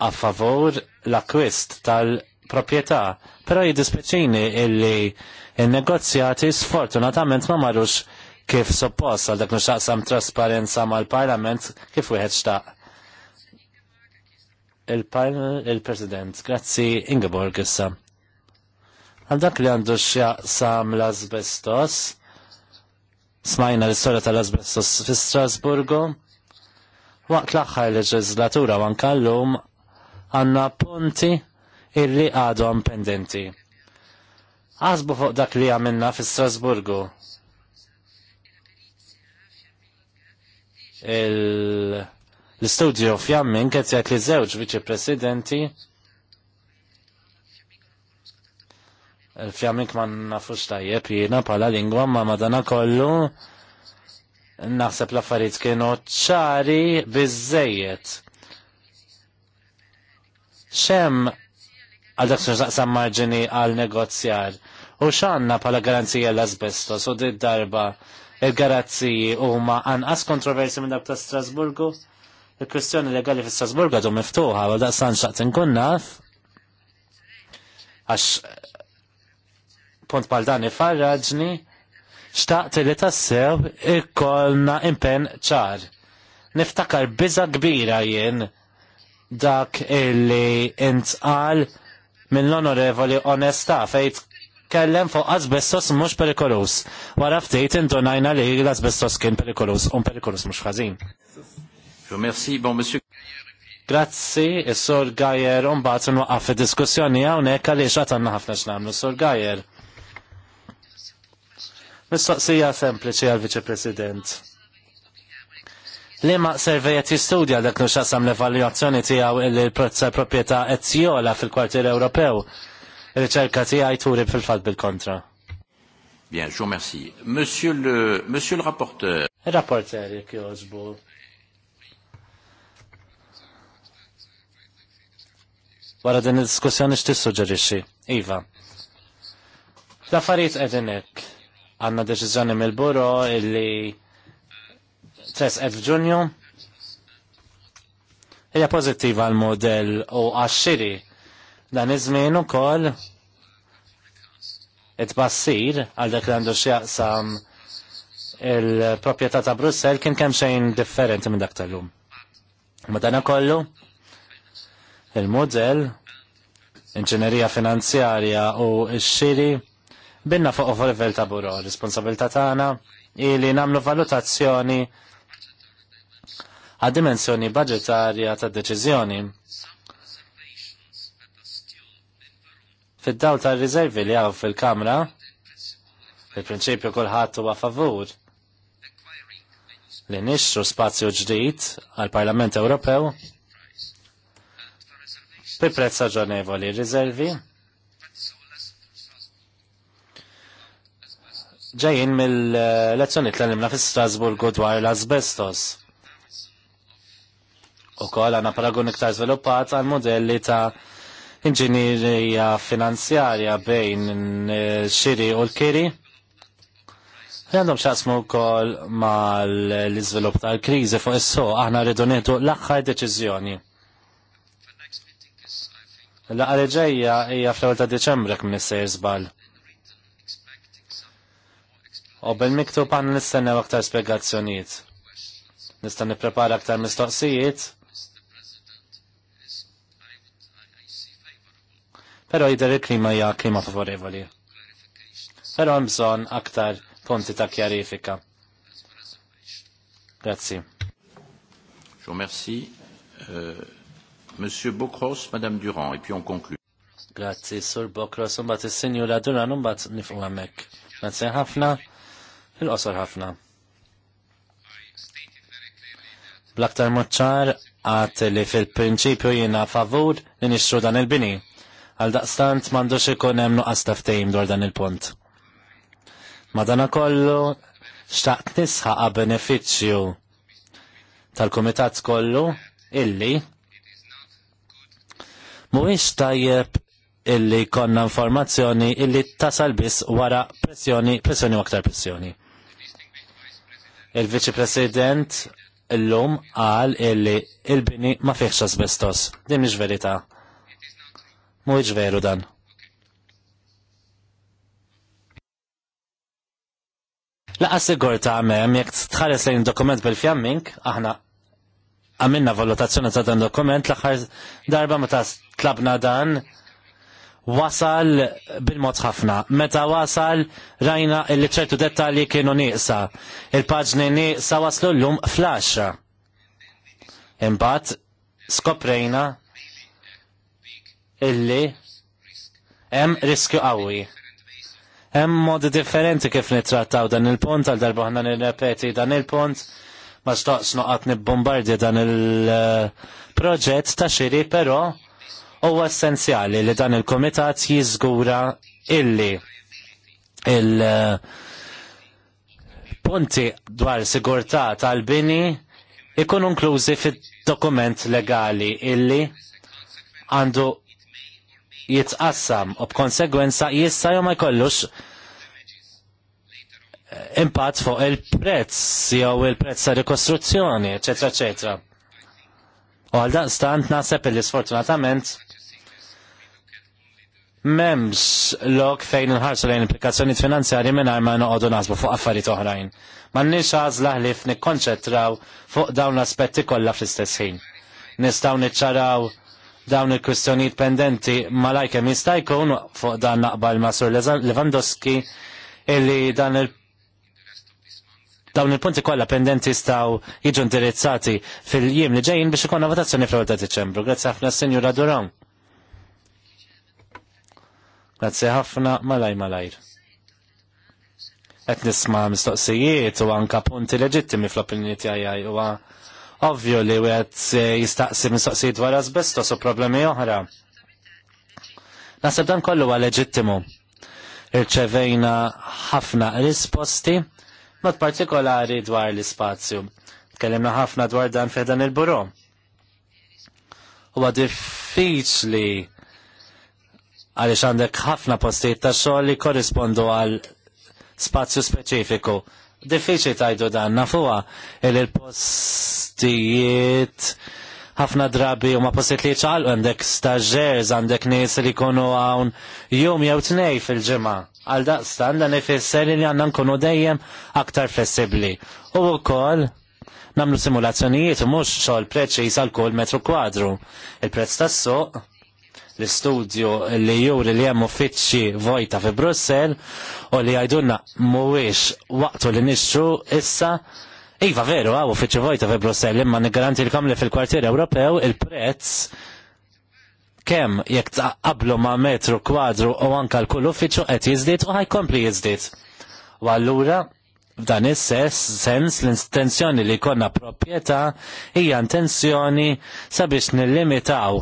A favor l-akwist tal- proprjetà, però jiddispjaċini illi il-negozjati sfortunatament ma marrux kif suppost għal dak nuxaqsam trasparenza mal-parlament kif wieħed xtaq. Il-President, il grazzi Ingeborg issa. Għal dak li għandu xjaqsam l-azbestos, smajna l-istoria tal-azbestos fi Strasburgu, waqt l-axħar leġislatura għan kallum għanna punti illi għadhom pendenti. Għazbu fuq dak li għamilna fi Strasburgu. l istudio fjammin kħet jgħat li zewġ viċi-presidenti il-fjamik ma nafux tajjeb jiena pala lingwa ma madana kollu naħseb l-affarijiet kienu ċari bizzejiet. ċem għal dak xaqsam marġini għal negozjar. U xanna pala garanzija l-asbestos u did darba il-garanziji huma anqas kontroversi minn dak ta' Strasburgu? il-kwestjoni legali fi Strasburgu għadu miftuħa, għal daqsan xaqt inkun naf, għax punt pal dan ifarraġni, xtaqt li tassew ikkolna impen ċar. Niftakar biza kbira jien dak illi intqal mill-onorevoli onesta fejt kellem fuq asbestos mhux perikolus. Wara ftit indunajna li l-asbestos kien perikolus, un perikolus mhux ħażin. Merci, bon monsieur. Grazzi, is-Sur Gajer, un bat nwaqaf id-diskussjoni hawnhekk għaliex għatanna ħafna x'nagħmlu, Sur Gajer. Mistoqsija sempliċi għal viċe President. Li ma servejet jistudja dak nu xasam l evaluazzjoni tijaw il prezza propieta etziola fil-kwartier Ewropew. Riċerka tijaj turi fil-fat bil-kontra. Bien, je vous remercie. Monsieur le, monsieur le rapporteur. Rapporteur, jek jozbu. Wara din il-diskussjoni x'tissuġġerixxi. Iva. L-affarijiet qegħdin hekk. Għandna deċiżjoni mill-buro illi tres f f'ġunju. Hija pożittiva l modell u għaxxiri dan iż-żmien ukoll it-bassir għal dak li għandu x'jaqsam il-proprjetà ta' Brussel kien kemm xejn differenti minn dak tal-lum. Madana kollu, il-modell, inġinerija finanzjarja u x-xiri binna fuq level ta' buro. Responsabilità tagħna ili namlu valutazzjoni għad dimensjoni budgetarja ta' deċiżjoni. Fid-dawl ta' riservi li għaw fil-Kamra, fil-prinċipju kullħat huwa favur li nixxu spazju ġdid għal-Parlament Ewropew bi prezz raġonevoli rizervi. ġejjin mill-lezzjoni tlenimna fi Strasburgu dwar l azbestos u kol għana paragun iktar sviluppat għal modelli ta' inġinirija finanzjarja bejn xiri u l-kiri. Għandhom xasmu kol ma l-izvilup tal-krizi fuq is-so, aħna rridu nieħdu l-aħħar deċiżjoni. L-aħħar ġejja hija fl-ewwel ta' Diċembru kien issejr żball. U bil-miktub għandna nistennew aktar spjegazzjonijiet. Nista' nipprepara aktar mistoqsijiet Pero jider il-klima hija klima favorevoli. Pero hemm bżonn aktar ponti ta' kjarifika. Grazzi. Je vous remercie. Euh, Monsieur Bokros, Madame Durand, et puis on conclut. Grazzi, Sur Bokros, un bat il-Sinjura Durand, un bat nifu għamek. Grazzi ħafna, il osor ħafna. Blaktar moċċar għat li fil-prinċipju jina favur li nixtru dan il-bini Għal daqstant m'għandux ikun hemm nuqqas taftejm dwar dan il-punt. Madana kollu xtaqt nisħaqa benefiċċju tal-Kumitat kollu illi mhuwiex tajjeb illi konna informazzjoni illi tasal biss wara pressjoni, pressjoni u aktar pressjoni. Il-Viċi President l-lum għal illi il-bini ma fiħx asbestos. Din mhix verità. Mhuwiex veru dan. sigur ta' għamem, jek tħares lejn dokument bil-fjamming, aħna għamilna valutazzjoni ta' dan dokument, l darba darba meta tlabna dan, wasal bil-mod ħafna. Meta wasal rajna illi ċertu dettalji kienu nieqsa. Il-paġni nieqsa waslu l-lum flasha. Imbagħad skoprejna illi hemm riskju qawwi. Hemm modi differenti kif nittrattaw dan il-punt għal darba ħna nirrepeti dan il-punt ma stoqs noqat nibbombardi dan il-proġett ta' xiri però huwa essenzjali li dan il-komitat jiżgura illi il-punti dwar sigurtà tal-bini ikun inklużi fid-dokument legali illi għandu jitqassam u b'konsegwenza jissa jew ma jkollux eh, impatt fuq il-prezz jew il-prezz ta' rikostruzzjoni, eċetera, eċetera. U għal daqstant naħseb li sfortunatament memx lok fejn nħarsu lejn implikazzjoni finanzjari minn ma noqogħdu nasbu fuq affarijiet oħrajn. M'għandniex għażla ħlif nikkonċentraw fuq dawn l-aspetti kollha fl-istess ħin. Nistgħu niċċaraw dawn il-kwistjonijiet pendenti malajke mistajkun jista' jkun fuq dan naqbal ma' Sur Lewandowski illi dan il- dawn il-punti kollha pendenti staw jiġu indirizzati fil-jiem li ġejjin biex ikonna votazzjoni fl ta' Diċembru. Grazzi ħafna Sinjura Duram. Grazzi ħafna malaj malajr. Qed nisma' mistoqsijiet u anka punti leġittimi fl-opinjoni tiegħi huwa Ovvju li għed jistaqsi mistoqsijiet dwar asbestos u problemi oħra. Nasib dan kollu għal leġittimu. Irċevejna ħafna risposti, mod partikolari dwar l-ispazju. Tkellimna ħafna dwar dan fedan il buru Huwa diffiċli għaliex għandek ħafna postijiet ta' xogħol li korrispondu għal spazju speċifiku diffiċi tajdu dan nafuwa il il-postijiet ħafna drabi u ma postijiet li ċal għandek staġers għandek nies li jkunu hawn jum jew tnej fil-ġimgħa. Għal daqstan dan ifisser li għandna nkunu dejjem aktar flessibbli. U wkoll namlu simulazzjonijiet u mhux xogħol preċiż għal kull metru kwadru. Il-prezz tas-suq l-istudju li juri li hemm uffiċċji vojta fi Brussel u li għajdunna mhuwiex waqtu li nixxu issa Iva veru, għaw uffiċċju vojta fi Brussel, imma n-garanti l-kom li fil-kwartier Ewropew il-prezz kem jekk taqablu ma' metru kwadru u anka l-kull uffiċċju qed jizdit u ħajkompli jiżdied. U allura f'dan is-sens sens l-intenzjoni li jkollna proprjetà hija intenzjoni sabiex nillimitaw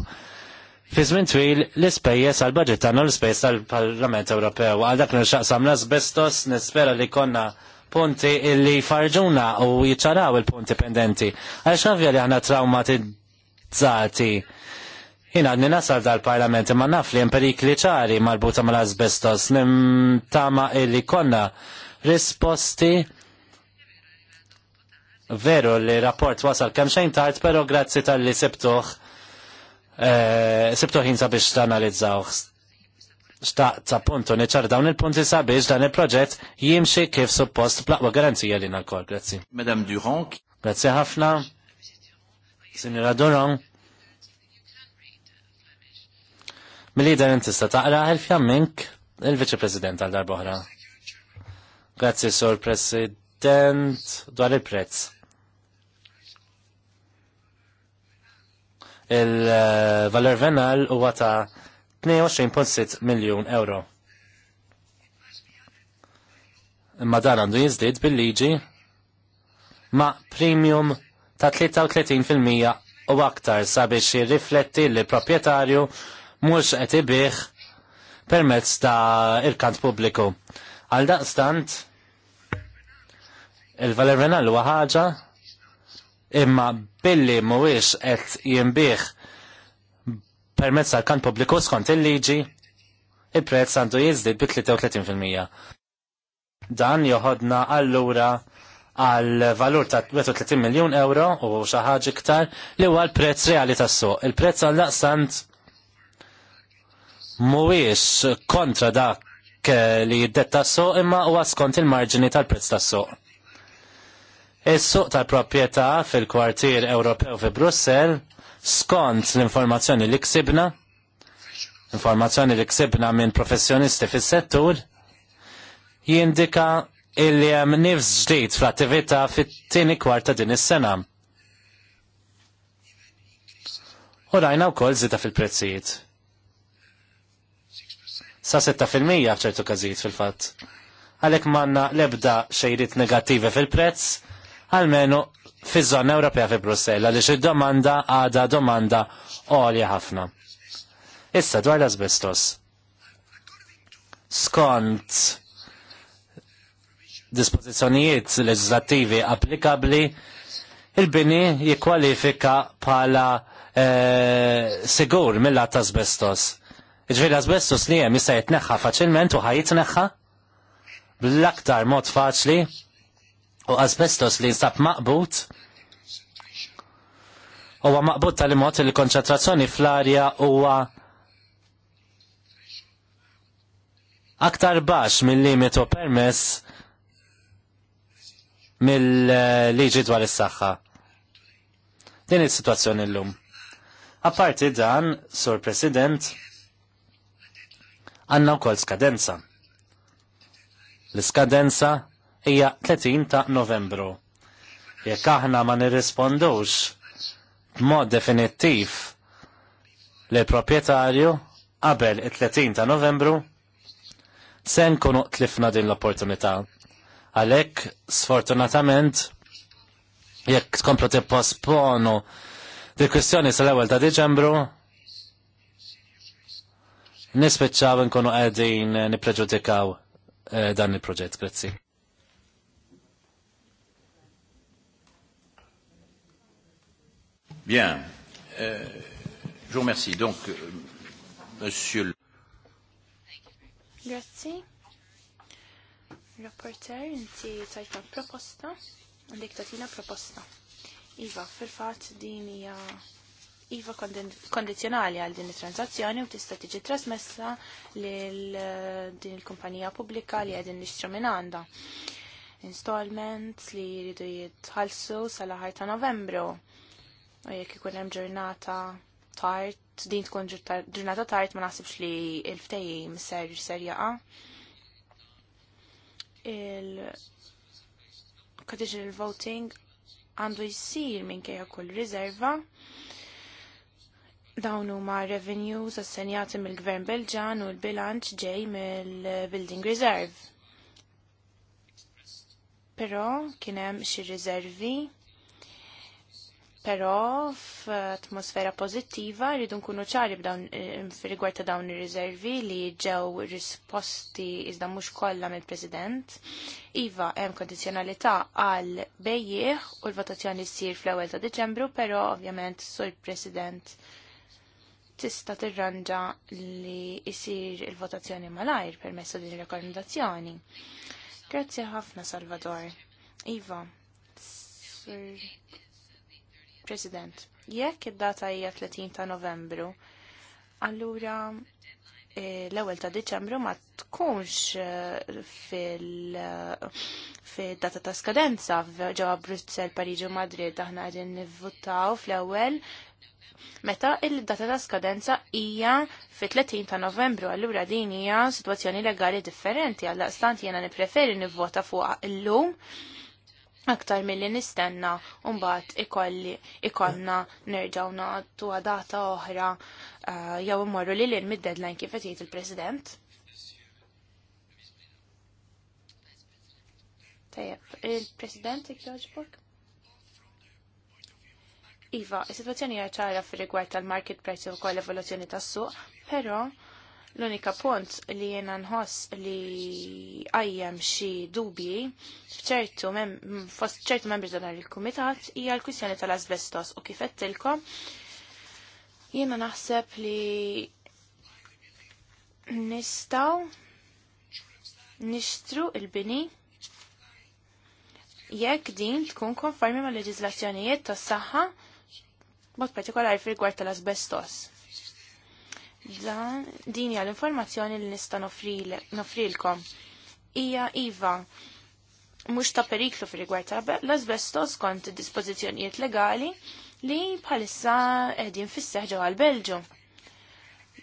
fi żmien twil l-ispejjeż għal budget tagħna l-ispejjeż tal-Parlament Ewropew għal dak nixaqsam l-asbestos nispera li konna punti illi farġuna u jiċċaraw il-punti pendenti. Għaliex ovvja li aħna traumatizzati. Jina għadni nasal dal-parlament imma naf li perikli ċari marbuta mal-asbestos nimtama illi konna risposti veru li rapport wasal kemm xejn tard, pero grazzi tal-li sebtuħ. Eh, sibtu ħin sabiex tanalizzaw xtaqt punto neċar dawn il-punti sabiex dan il-proġett jimxi kif suppost plaqwa garanzija li nal-kol. Grazzi. Madame Durand. Grazzi ħafna. Signora Durand. Mili dan intista taqra il-fjammink il-Viċi President għal darboħra. Grazzi, Sur President, dwar il-prezz. il-valur venal huwa ta' 22.6 miljun euro. Imma dan għandu jizdid bil-liġi ma' premium ta' 33% u aktar sabiex jirrifletti li proprietarju mhux qed ibih permezz ta' irkant pubbliku. Għal daqstant, il venal huwa ħaġa imma billi mhuwiex qed jimbiħ permezz tal kant pubbliku skont il-liġi, il-prezz għandu jiżdied bi 33%. Dan joħodna allura għal valur ta' 30 miljon euro u xaħġa iktar li huwa l-prezz reali tas-suq. Il-prezz għal laqsant mhuwiex kontra dak li jiddetta s-suq imma huwa skont il-marġini tal-prezz tas-suq. Is-suq tal-proprjetà fil-kwartier Ewropew fi Brussell skont l-informazzjoni li ksibna, informazzjoni li ksibna minn professjonisti fis-settur, jindika illi hemm nifs ġdid fl-attività fit-tieni kwarta din is-sena. U rajna wkoll żita fil-prezzijiet. Sa 6% f'ċertu każijiet fil-fatt. Għalhekk m'għandna l-ebda xejrit negattivi fil-prezz, għalmenu fi Ewropea fi Brussella li domanda għada domanda għolja ħafna. Issa dwar l-asbestos. Skont dispożizzjonijiet leġislattivi applikabli il-bini jikkwalifika bħala e, sigur mill għat asbestos. Iġveri asbestos li hemm jista' jitneħħa faċilment u ħajitneħħa bl-aktar mod faċli u asbestos li jinsab maqbut huwa maqbud tal-imot li konċentrazzjoni fl-arja huwa aktar bax mill-limitu permess mill-liġi dwar is-saħħa. Din is-sitwazzjoni llum. Apparti dan, Sur President, għandna wkoll skadenza. L-skadenza hija 30 ta' Novembru. Jekk aħna ma nirrispondux b'mod definittiv lil proprjetarju qabel it-30 ta' Novembru, se nkunu tlifna din l-opportunità. Għalhekk sfortunatament jekk tkomplu tipposponu di kwistjoni sal-ewwel ta' Diċembru, nispiċċaw nkunu qegħdin nippreġudikaw eh, dan il-proġett. Grazzi. Bien. Euh, je vous remercie. Donc, euh, monsieur le... Grazie. Rapporteur, inti tajta proposta, għandek tatina proposta. Iva, fil-fat din hija Iva kondizjonali għal din it-transazzjoni u tista' tiġi trasmessa lil eh, din il-kumpanija pubblika li qegħdin nixtru minn għandha. Installments li jridu jitħallsu sal ħar ta' Novembru U jekk ikun hemm ġurnata tard, din tkun ġurnata tard ma naħsibx li l-ftehim ser ser jaqa'. Il voting għandu jissir minkejja kull riserva. Dawn huma revenues assenjati mill-Gvern Belġan u l-bilanċ ġej mill-Building Reserve. Però kien hemm xi riservi però f'atmosfera pozittiva rridu nkunu ċari b'dawn eh, ta' dawn ir-riservi li ġew risposti iżda mhux kollha mill-President. Iva hemm kondizzjonalità għal bejjieħ u l-votazzjoni ssir fl-ewwel ta' Diċembru, però ovvjament sur President tista' tirranġa li jsir il-votazzjoni malajr permezz din ir-rekomendazzjoni. Grazzi ħafna Salvador. Iva, President, jekk id-data hija 30 ta' Novembru, allura eh, l-ewwel ta' Diċembru ma tkunx eh, fil eh, data ta' skadenza ġewwa Brussell, Pariġi u Madrid aħna qegħdin nivvutaw fl-ewwel meta il-data ta' skadenza hija fit-30 ta' Novembru, allura din hija sitwazzjoni legali differenti, għallaqstant stant jiena nippreferi nivvota fuq illum. lum aktar mill-li nistenna unbat ikolli ikonna nerġaw naqtu data oħra eh, jew immorru li l-in mid-deadline kif qed il-President. Tajjeb, il-President ikjoġbok? Iva, is-sitwazzjoni hija ċara fir-rigward tal-market price u wkoll evoluzjoni tas-suq, però L-unika punt li jena nħoss li għajjem xi dubji f'ċertu ċertu membri ta' dan il-kumitat hija l-kwistjoni tal-asbestos u kif għedtilkom jiena naħseb li nistaw nixtru il-bini jekk din tkun konformi ma' leġizlazzjonijiet tas-saħħa mod partikolari fil-gwar tal-asbestos. Dan din hija l-informazzjoni li nista' nofrilkom. Hija iva mhux ta' periklu fi rigward l-asbestos kont dispożizzjonijiet legali li bħalissa qegħdin fis ġew għall belġu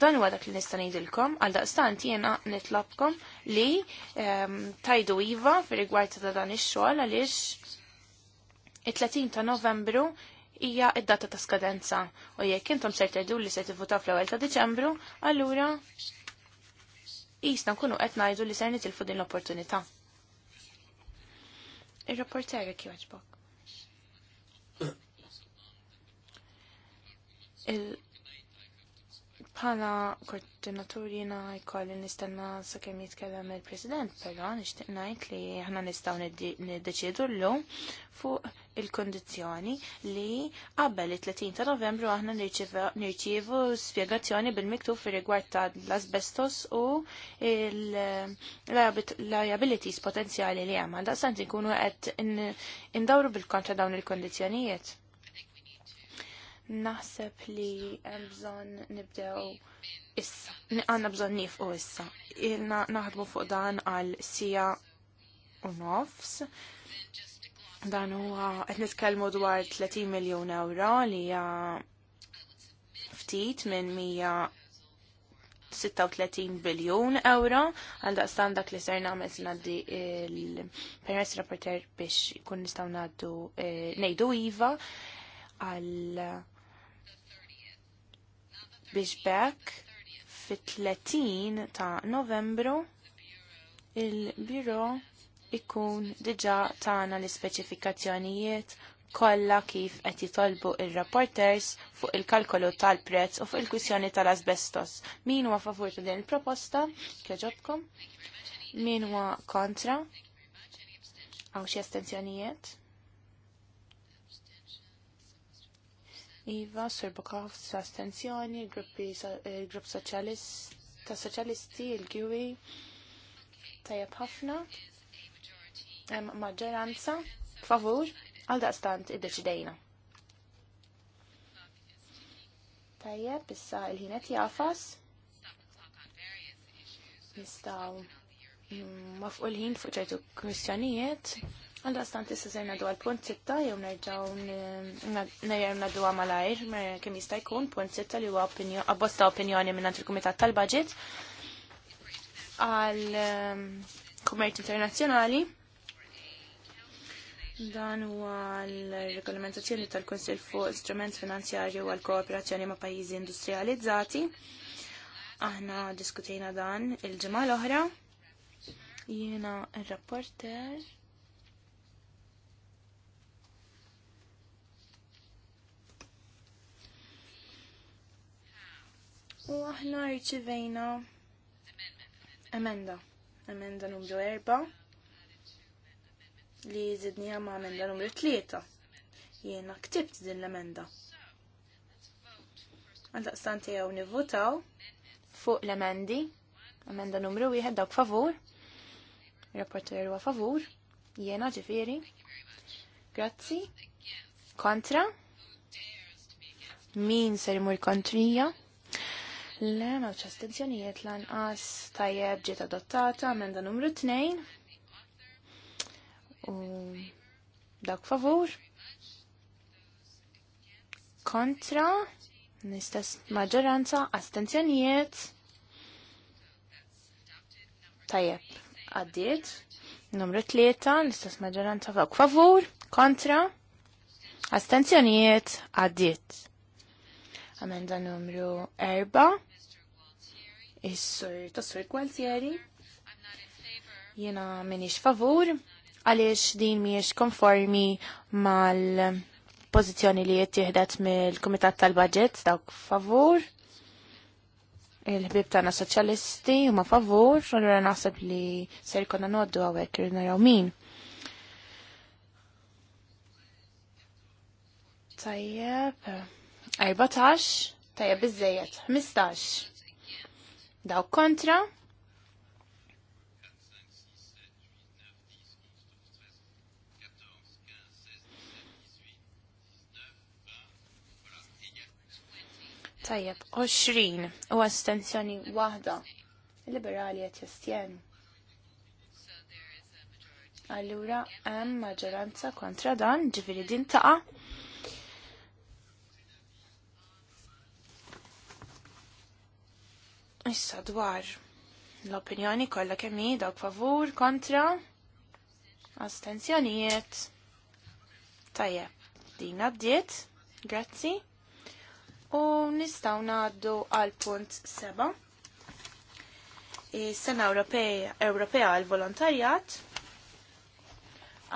Dan huwa dak li nista' ngħidilkom għal daqstant jiena nitlabkom li ehm, tajdu iva fi rigward ta' dan ix-xogħol għaliex it-30 ta' Novembru hija id-data ta' skadenza u jekk intom ser terdu li se tivvutaw fl-ewwel ta' Diċembru, allura jisna nkunu qed ngħidu li ser nitilfu din l-opportunità. Ir-rapporter jekk jogħġbok. Bħala koordinatur jina jkolli nistenna sa' kemm jitkellem il-President, però nixtieq ngħid li aħna nistgħu niddeċiedu llum fuq il-kondizzjoni li qabel it-30 ta' Novembru aħna nirċievu spjegazzjoni bil-miktub fir rigward ta' l-asbestos u l-liabilities potenzjali li hemm. Daqsant inkunu qed indawru bil-kontra dawn il-kondizzjonijiet. Naħseb li hemm bżonn nibdew issa, għandna bżon nifqu issa. Ilna naħdmu fuq dan għal sija u nofs. Dan huwa qed nitkellmu dwar 30 miljun euro li hija ftit minn 36 biljun euro għal daqstan dak li ser nagħmel s ngħaddi il-permess rapporter biex kun nistgħu ngħaddu eh, ngħidu iva għal biex bekk fit-30 ta' novembru il-biro ikun diġa tagħna l-ispeċifikazzjonijiet kollha kif qed jitolbu ir-rapporters fuq il-kalkolu tal-prezz u fuq il-kwissjoni tal-asbestos. Min huwa favur ta' din il-proposta? Kieġobkom? Min huwa kontra? Għaw xi astenzjonijiet? Iva, Serbakov, Sastenzjoni, Gruppi eh, grupp ta' Soċjalisti, il-Gwi, ta' ħafna, maġġoranza, favur, għal stant id-deċidejna. Tajjeb, issa il-ħinet jafas. Nistaw, mm, mafqulħin ħin fuq ċertu kwistjonijiet Għalla stant issa ser nadu punt sitta jew nerġaw nerġaw nadu malajr kemm jista' jkun punt sitta li huwa abbosta opinjoni minn il-Kumitat tal-Budget għal ehm, kummerċ internazzjonali. Dan huwa l-regolamentazzjoni tal konsil fuq strument finanzjarju għal kooperazzjoni ma' pajjiżi industrializzati. Aħna diskutejna dan il-ġimgħa l-oħra. Jiena il rapporter U aħna rċivejna emenda. Emenda numru erba. li zidnija ma' emenda numru tlieta. Jiena ktibt din l-emenda. stanti għaw nivvotaw fuq l-emendi. Emenda numru 1 dawk favur. Rapporteru għaw favur. Jiena ġifiri. Grazzi. Kontra. Min ser imur kontrija? Le, mawċ astenzjonijiet lanqas tajjeb ġiet adottata emenda numru 2. U dak favur. Kontra, nistess maġġoranza, astenzjonijiet. Tajjeb, għaddiet. Numru 3, nistess maġġoranza dak favur. Kontra, astenzjonijiet, għaddiet. Amenda numru 4. Is-sur tas-sur Gualtieri. Jiena minix favur għaliex din miex konformi mal pożizzjoni li jittieħdet mill-Kumitat tal-Budget dawk favur. Il-ħbib tagħna soċjalisti huma favur, allura naħseb li ser jkollna noddu hawnhekk irid naraw min. Tajjeb. 14, tajja bizzejet, 15. Daw kontra. Tajjeb, 20 u astenzjoni wahda. Liberali qed jastjen Allura hemm maġġoranza kontra dan, ġifieri din taqa' Issa dwar l-opinjoni kollha kemm hi dawk favur, kontra, astenzjonijiet. Tajjeb, din għaddiet, grazzi. U nistgħu ngħaddu għal punt seba. Is-Sena Ewropea għal volontarjat.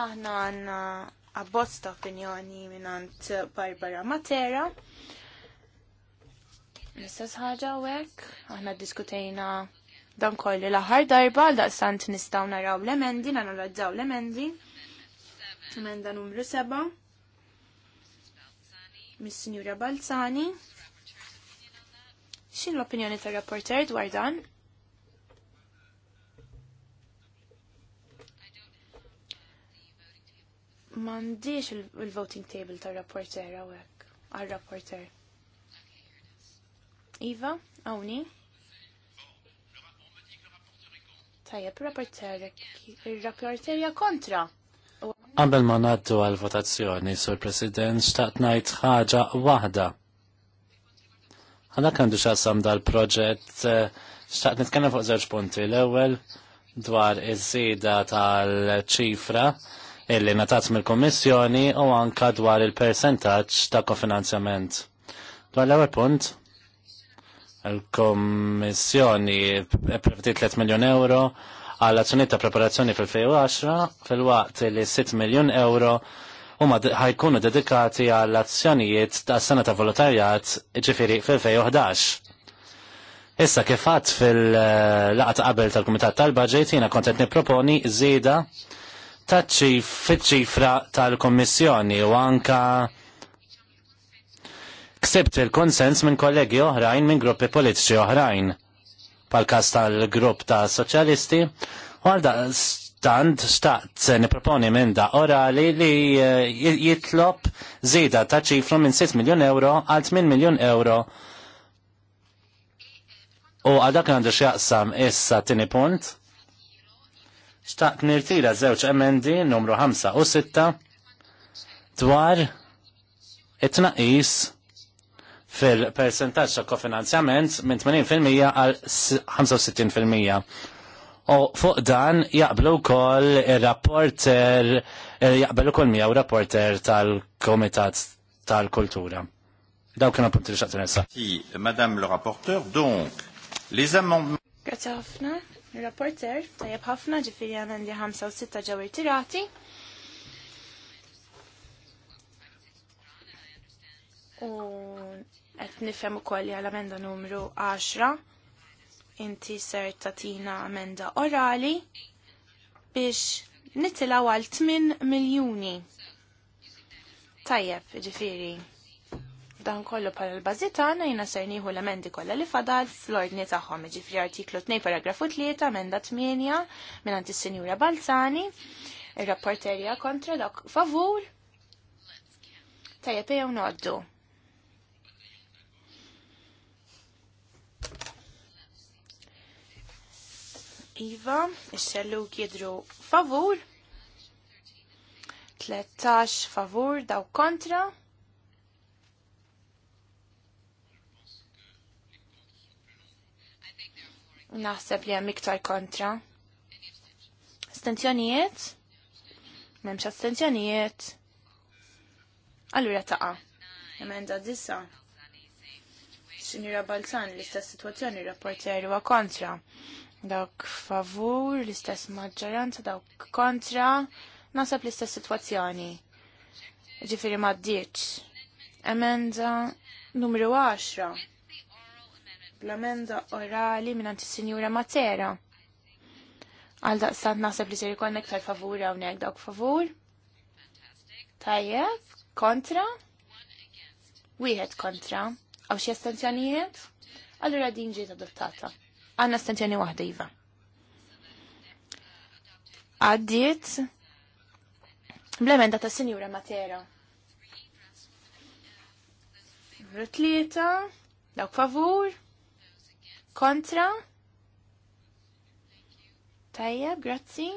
Aħna għandna abbozz ta' opinjoni minant Barbara Matera L-istess ħaġa u hekk, aħna ddiskutejna dan kolli l-aħħar darba għal nistaw nistgħu naraw l-emendi, nanalizzaw l-emendi. Emenda numru 7 mis-Sinjura Balzani. Xin l-opinjoni ta' rapporter dwar dan? Mandiġ il-voting table ta' rapporter għawek, għal-rapporter. Iva, għawni. Tajja, rapporter, il-rapporterja kontra. Qabel ma naddu għal votazzjoni sur President xtaqt ngħid ħaġa waħda. Għanna kandu xassam dal-proġett eh, xtaqt nitkellem fuq żewġ punti. L-ewwel dwar iż-żieda tal-ċifra illi natat mill-Kummissjoni u anka dwar il-persentaġġ ta' kofinanzjament. Dwar l-ewwel punt l-Kommissjoni e preveti 3 miljon euro għal azzjoni ta' preparazzjoni fil-2010 fil-waqt li 6 miljon euro huma ħajkunu dedikati għall azzjonijiet ta' sena ta' volontarjat ġifiri fil-2011. Issa kif kifat fil-laqat qabel tal-Kumitat tal-Budget jiena kont qed nipproponi żieda fiċ-ċifra tal-Kommissjoni u anka Ksibt il-konsens minn kollegi oħrajn minn gruppi politiċi oħrajn. Pal-kas tal-grupp ta' soċjalisti, għalda stand xtaqt niproponi minn da' orali li eh, jitlob zida ta' ċifru minn 6 miljon euro għal 8 miljon euro. U għadak għandu xjaqsam issa tini punt. Xtaqt nirtira zewċ emendi numru 5 u 6 dwar it-naqis fil-percentaċ ta' kofinanzjament minn 80% għal 65%. U fuq dan jaqblu kol il-rapporter, eh, jaqblu kol miegħu rapporter tal-Komitat tal-Kultura. Daw kienu punti li xaqt nessa. Madame le rapporteur, donc, les amendements. Grazie ħafna, il-rapporter, tajab ħafna ġifiri għamendi 5 ġawir tirati. U qed nifhem ukoll li għal-amenda numru 10 inti ser tatina amenda orali biex nitilaw għal 8 miljuni. Tajjeb, ġifiri, dan kollu pal l għana jina serniħu l-amendi kolla li fadal fl-ordni taħħom ġifri artiklu 2 paragrafu 3 amenda 8 minn s senjura Balzani il-rapporterja kontra dak favur tajjeb jew noddu Iva, il-xelluk jidru favur, 13 favur daw kontra. Naħseb li hemm iktar kontra. Astenzjonijiet? M'hemmx astenzjonijiet. Allura taqa. Emenda disa. Sinjura Balzan l-istess situazzjoni rapporteru huwa kontra. Dawk favur, l-istess maġġoranza, dawk kontra, nasab l-istess situazzjoni. Ġifiri maddiċ. Emenda numru 10. L-emenda orali minn antisinjura Matera. Għal sant nasab li ser ikon tal favur hawnhekk dawk favur. Tajjeb, kontra? Wieħed kontra. Għaw xi stanzjonijiet? Allura din ġiet adottata għanna stentjoni wahda jiva. Għaddiet Blemenda ta' Sinjura Matera. Numru tlieta, dawk favur, kontra, tajja, grazzi.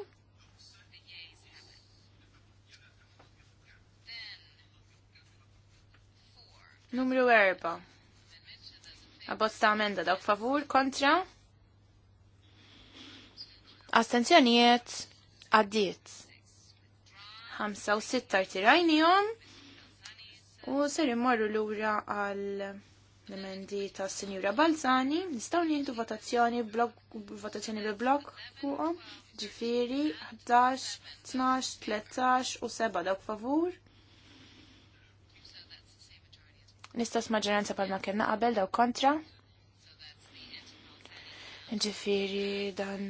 Numru erba. Abbozz amenda, dawk favur, kontra, Astenzjonijiet għaddiet. 5 u 6 artirajnijom u ser immorru l-ura għal l-emendi ta' Sinjura Balzani. Nistaw nintu votazzjoni blok, votazzjoni l blok fuqhom, ġifiri 11, 12, 13 u 7 dawk favur. Nistess maġġoranza palma kienna qabel daw kontra, Ġifiri dan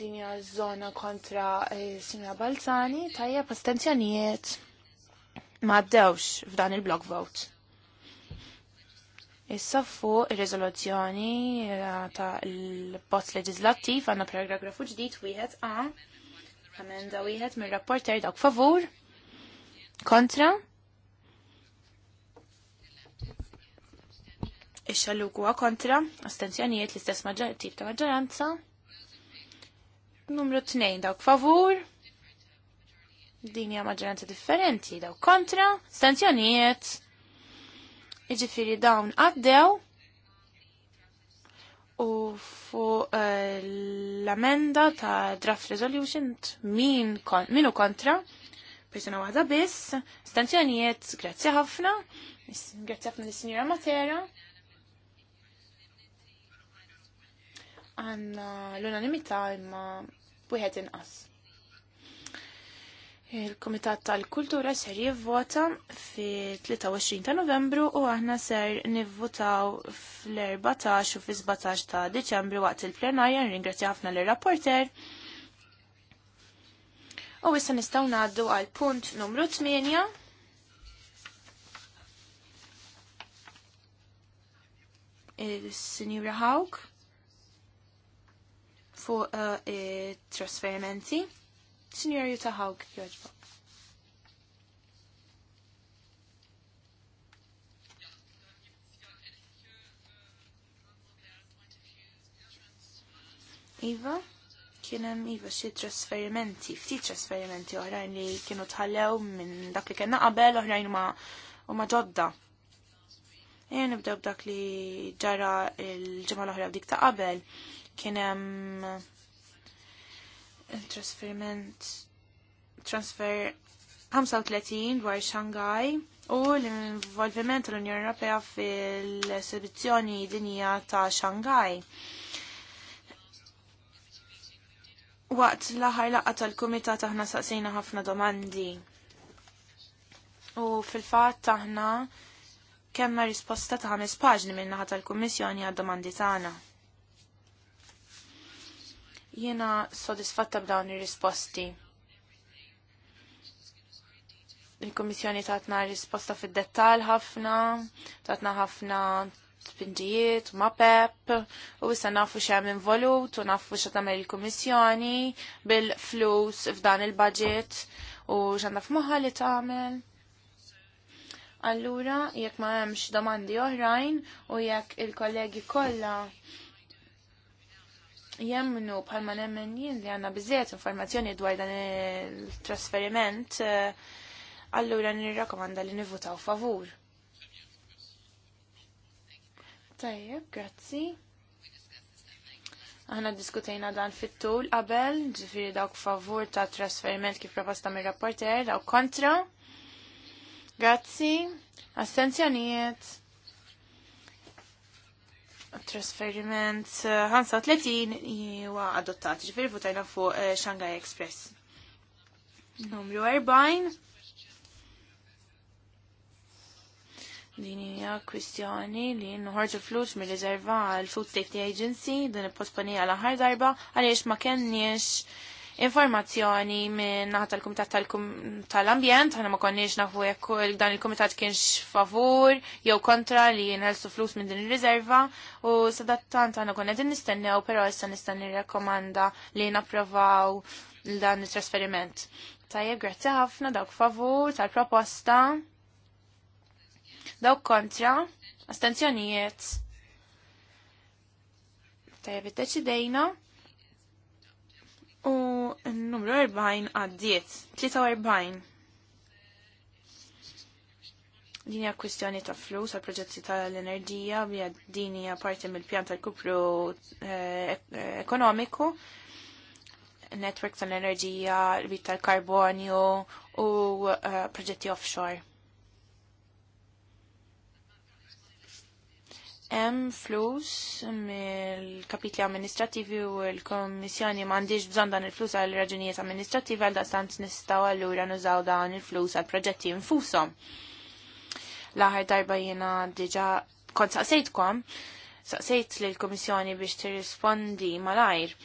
dinja zona kontra eh, Sinja Balzani tajja pastenzjonijiet ma ddewx f'dan il-block vote. Issa fuq ir-riżoluzzjoni eh, ta' l post leġislattiv għandna paragrafu ġdid wieħed Għamenda u wieħed mir-rapporter dawk favur kontra Ix-xalluk huwa kontra, astenzjonijiet l-istess tip ta' maġġoranza. Numru 2 dawk favur. Din hija maġġoranza differenti dawk kontra, astenzjonijiet. Iġifiri dawn għaddew u fuq uh, l-amenda ta' draft resolution min kon, minu kontra persona waħda biss, stanzjonijiet, grazzi ħafna, grazzi ħafna l-Sinjora Matera, għanna l-unanimità imma wieħed inqas. Il-Komitat tal-Kultura ser jivvota fi 23 ta' Novembru u aħna ser nivvotaw fl-14 u fi 17 ta' Deċembru waqt il-plenarja nringrazzja ħafna l-rapporter. U issa nistgħu ngħaddu għal punt numru 8. Il-Sinjura Hawk fuq uh, e, trasferimenti. Signor Jutta Hawk, joġbok. Iva, kienem Iva xie trasferimenti, ftit trasferimenti oħrajn li kienu tħallew minn dak li kena qabel oħrajn ma u ma ġodda. Ejja nibdew b'dak li ġara l-ġimgħa l-oħra dik ta' qabel kienem trasferiment transfer 35 dwar Shanghai u l-involviment tal-Unjoni Ewropea fil-esibizzjoni dinija ta' Shanghai. Waqt l-aħħar laqgħa tal-kumitat aħna saqsejna ħafna domandi. U fil-fatt aħna kemma risposta ta' ħames paġni minnaħa tal-Kummissjoni għad-domandi tagħna. Jiena sodisfatta b'dawn ir-risposti. Il-Kummissjoni tatna risposta fid-dettall ħafna, tatna ħafna spinġijiet, ma pep, u issa nafu xem involut, u nafu xa il kummissjoni bil-flus f'dan il-budget, u xandaf f'moħħa li tamel. Allura, jekk ma hemmx domandi oħrajn, u jekk il-kollegi kollha jemnu bħalma nemmen jien li għanna bizziet informazzjoni dwar dan il-trasferiment, eh, allura nirrakomanda li nivutaw favur. Tajjeb, grazzi. Aħna diskutejna dan fit-tul qabel, ġifiri dawk favur ta' trasferiment kif proposta mir rapporter daw kontra. Grazzi, astenzjonijiet trasferiment 35 eh, jiwa adottat, ġifiri votajna fuq eh, Shanghai Express. Numru 40. Din hija kwistjoni li nħorġu flus mir-riserva għal Food Safety Agency din i-posponija l-aħħar darba għaliex ma kenniex informazzjoni minn naħat tal-Kumitat tal-Ambjent, għana ma konniex nafu jekk dan il-Kumitat kienx favur jew kontra li jinħelsu flus minn din ir-riserva u sadattant għana konna din nistennew, però issa nistenni rekomanda li napprovaw dan il-trasferiment. Tajjeb, grazzi ħafna dawk favur tal-proposta. Dawk kontra, astenzjonijiet. Tajjeb, id-deċidejna. U n-numru 40 għaddiet, 43. Din hija kwistjoni ta' flus għal proġetti tal-enerġija bija din hija parti mill-pjan tal-kupru eh, eh, ekonomiku. Network tal-enerġija, rrit tal-karbonju u eh, proġetti offshore. hemm flus mill-kapitli amministrativi u l-Kommissjoni m'għandix bżonn dan il-flus għal raġunijiet amministrativi għal daqstant nistgħu allura nużaw dan il-flus għal proġetti infushom. L-aħħar darba jiena diġà kont saqsejtkom, saqsejt lill-Kummissjoni biex tirrispondi malajr.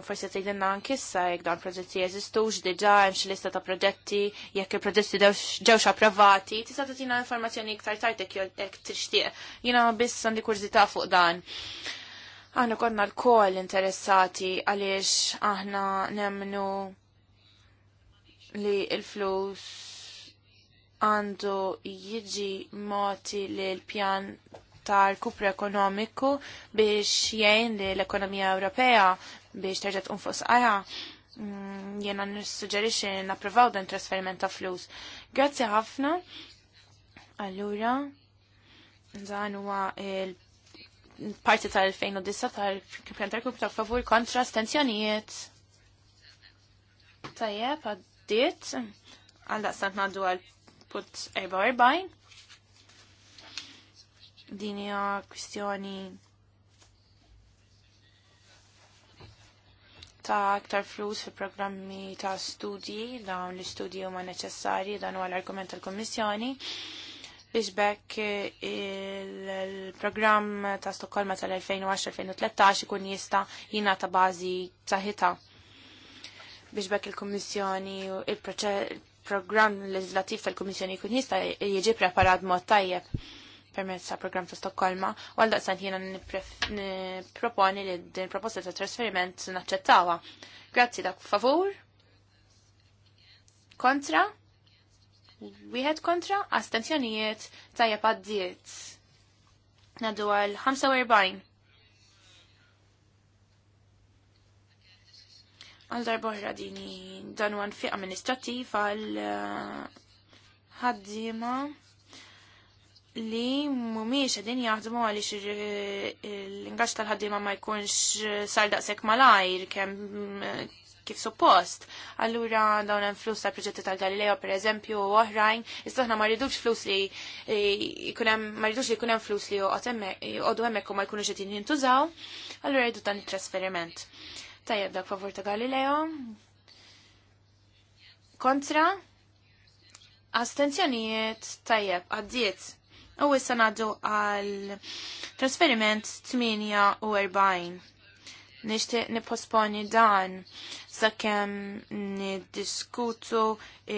Forse tgħidilna anki issa jekk dan proġetti jeżistux diġà hemm xi lista ta' proġetti jekk il-proġetti ġewx approvati, tista' tagħtina informazzjoni iktar tajtek jekk tixtieq. Jiena biss għandi kurzita fuq dan. Aħna konna l-koll interessati għaliex aħna nemnu li il-flus għandu jiġi moti li l-pjan tal-kupru ekonomiku biex jgħin li l-ekonomija Ewropea biex terġa' tqum fuq sqajha jiena nissuġġerixxi napprovaw dan trasferiment ta' flus. Grazzi ħafna. Allura, dan huwa il parti tal-2009 tal-Kipjan tal kup ta' favur kontra stenzjonijiet. Tajjeb, għaddiet, għal-daqstant naddu għal put 44. Dinja kwistjoni ta' aktar flus fi programmi ta' studji, dawn l-istudji huma neċessarji, dan huwa l-argument tal kummissjoni Biex il-programm ta' Stokkolma tal-2010-2013 ikun jista' jina ta' bażi ta' ħita. Biex bekk il-Kommissjoni, il-programm leġislativ tal-Kommissjoni jkun jista' jiġi preparat mod tajjeb permezz ta' program ta' Stokkolma u għal daqsan jiena niproponi li din proposta ta' trasferiment naċċettawa. Grazzi dak favur. Kontra. Wieħed kontra, astenzjonijiet tajja paddiet. Nadu għal 45. Għal darbohra dini dan għan fiq amministrativ għal eh, ħaddima. Uh, li mumiex għedin jaħdmu għalix l-ingaġġ tal-ħaddima ma jkunx eh, sardaqsek malajr kemm eh, kif suppost. Allura dawn hemm flus tal proġetti tal-Galileo pereżempju u oħrajn, issa aħna ma rridux flus li jkunem eh, ma rridux li jkun hemm flus li jqogħdu hemmhekk u ma jkunux qed jintużaw, allura jridu dan it-trasferiment. Tajjeb dak favur ta' Galileo. Kontra? Astenzjonijiet tajjeb, għaddiet U issa naddu għal trasferiment 48. Nishtiq niposponi dan sakemm niddiskutu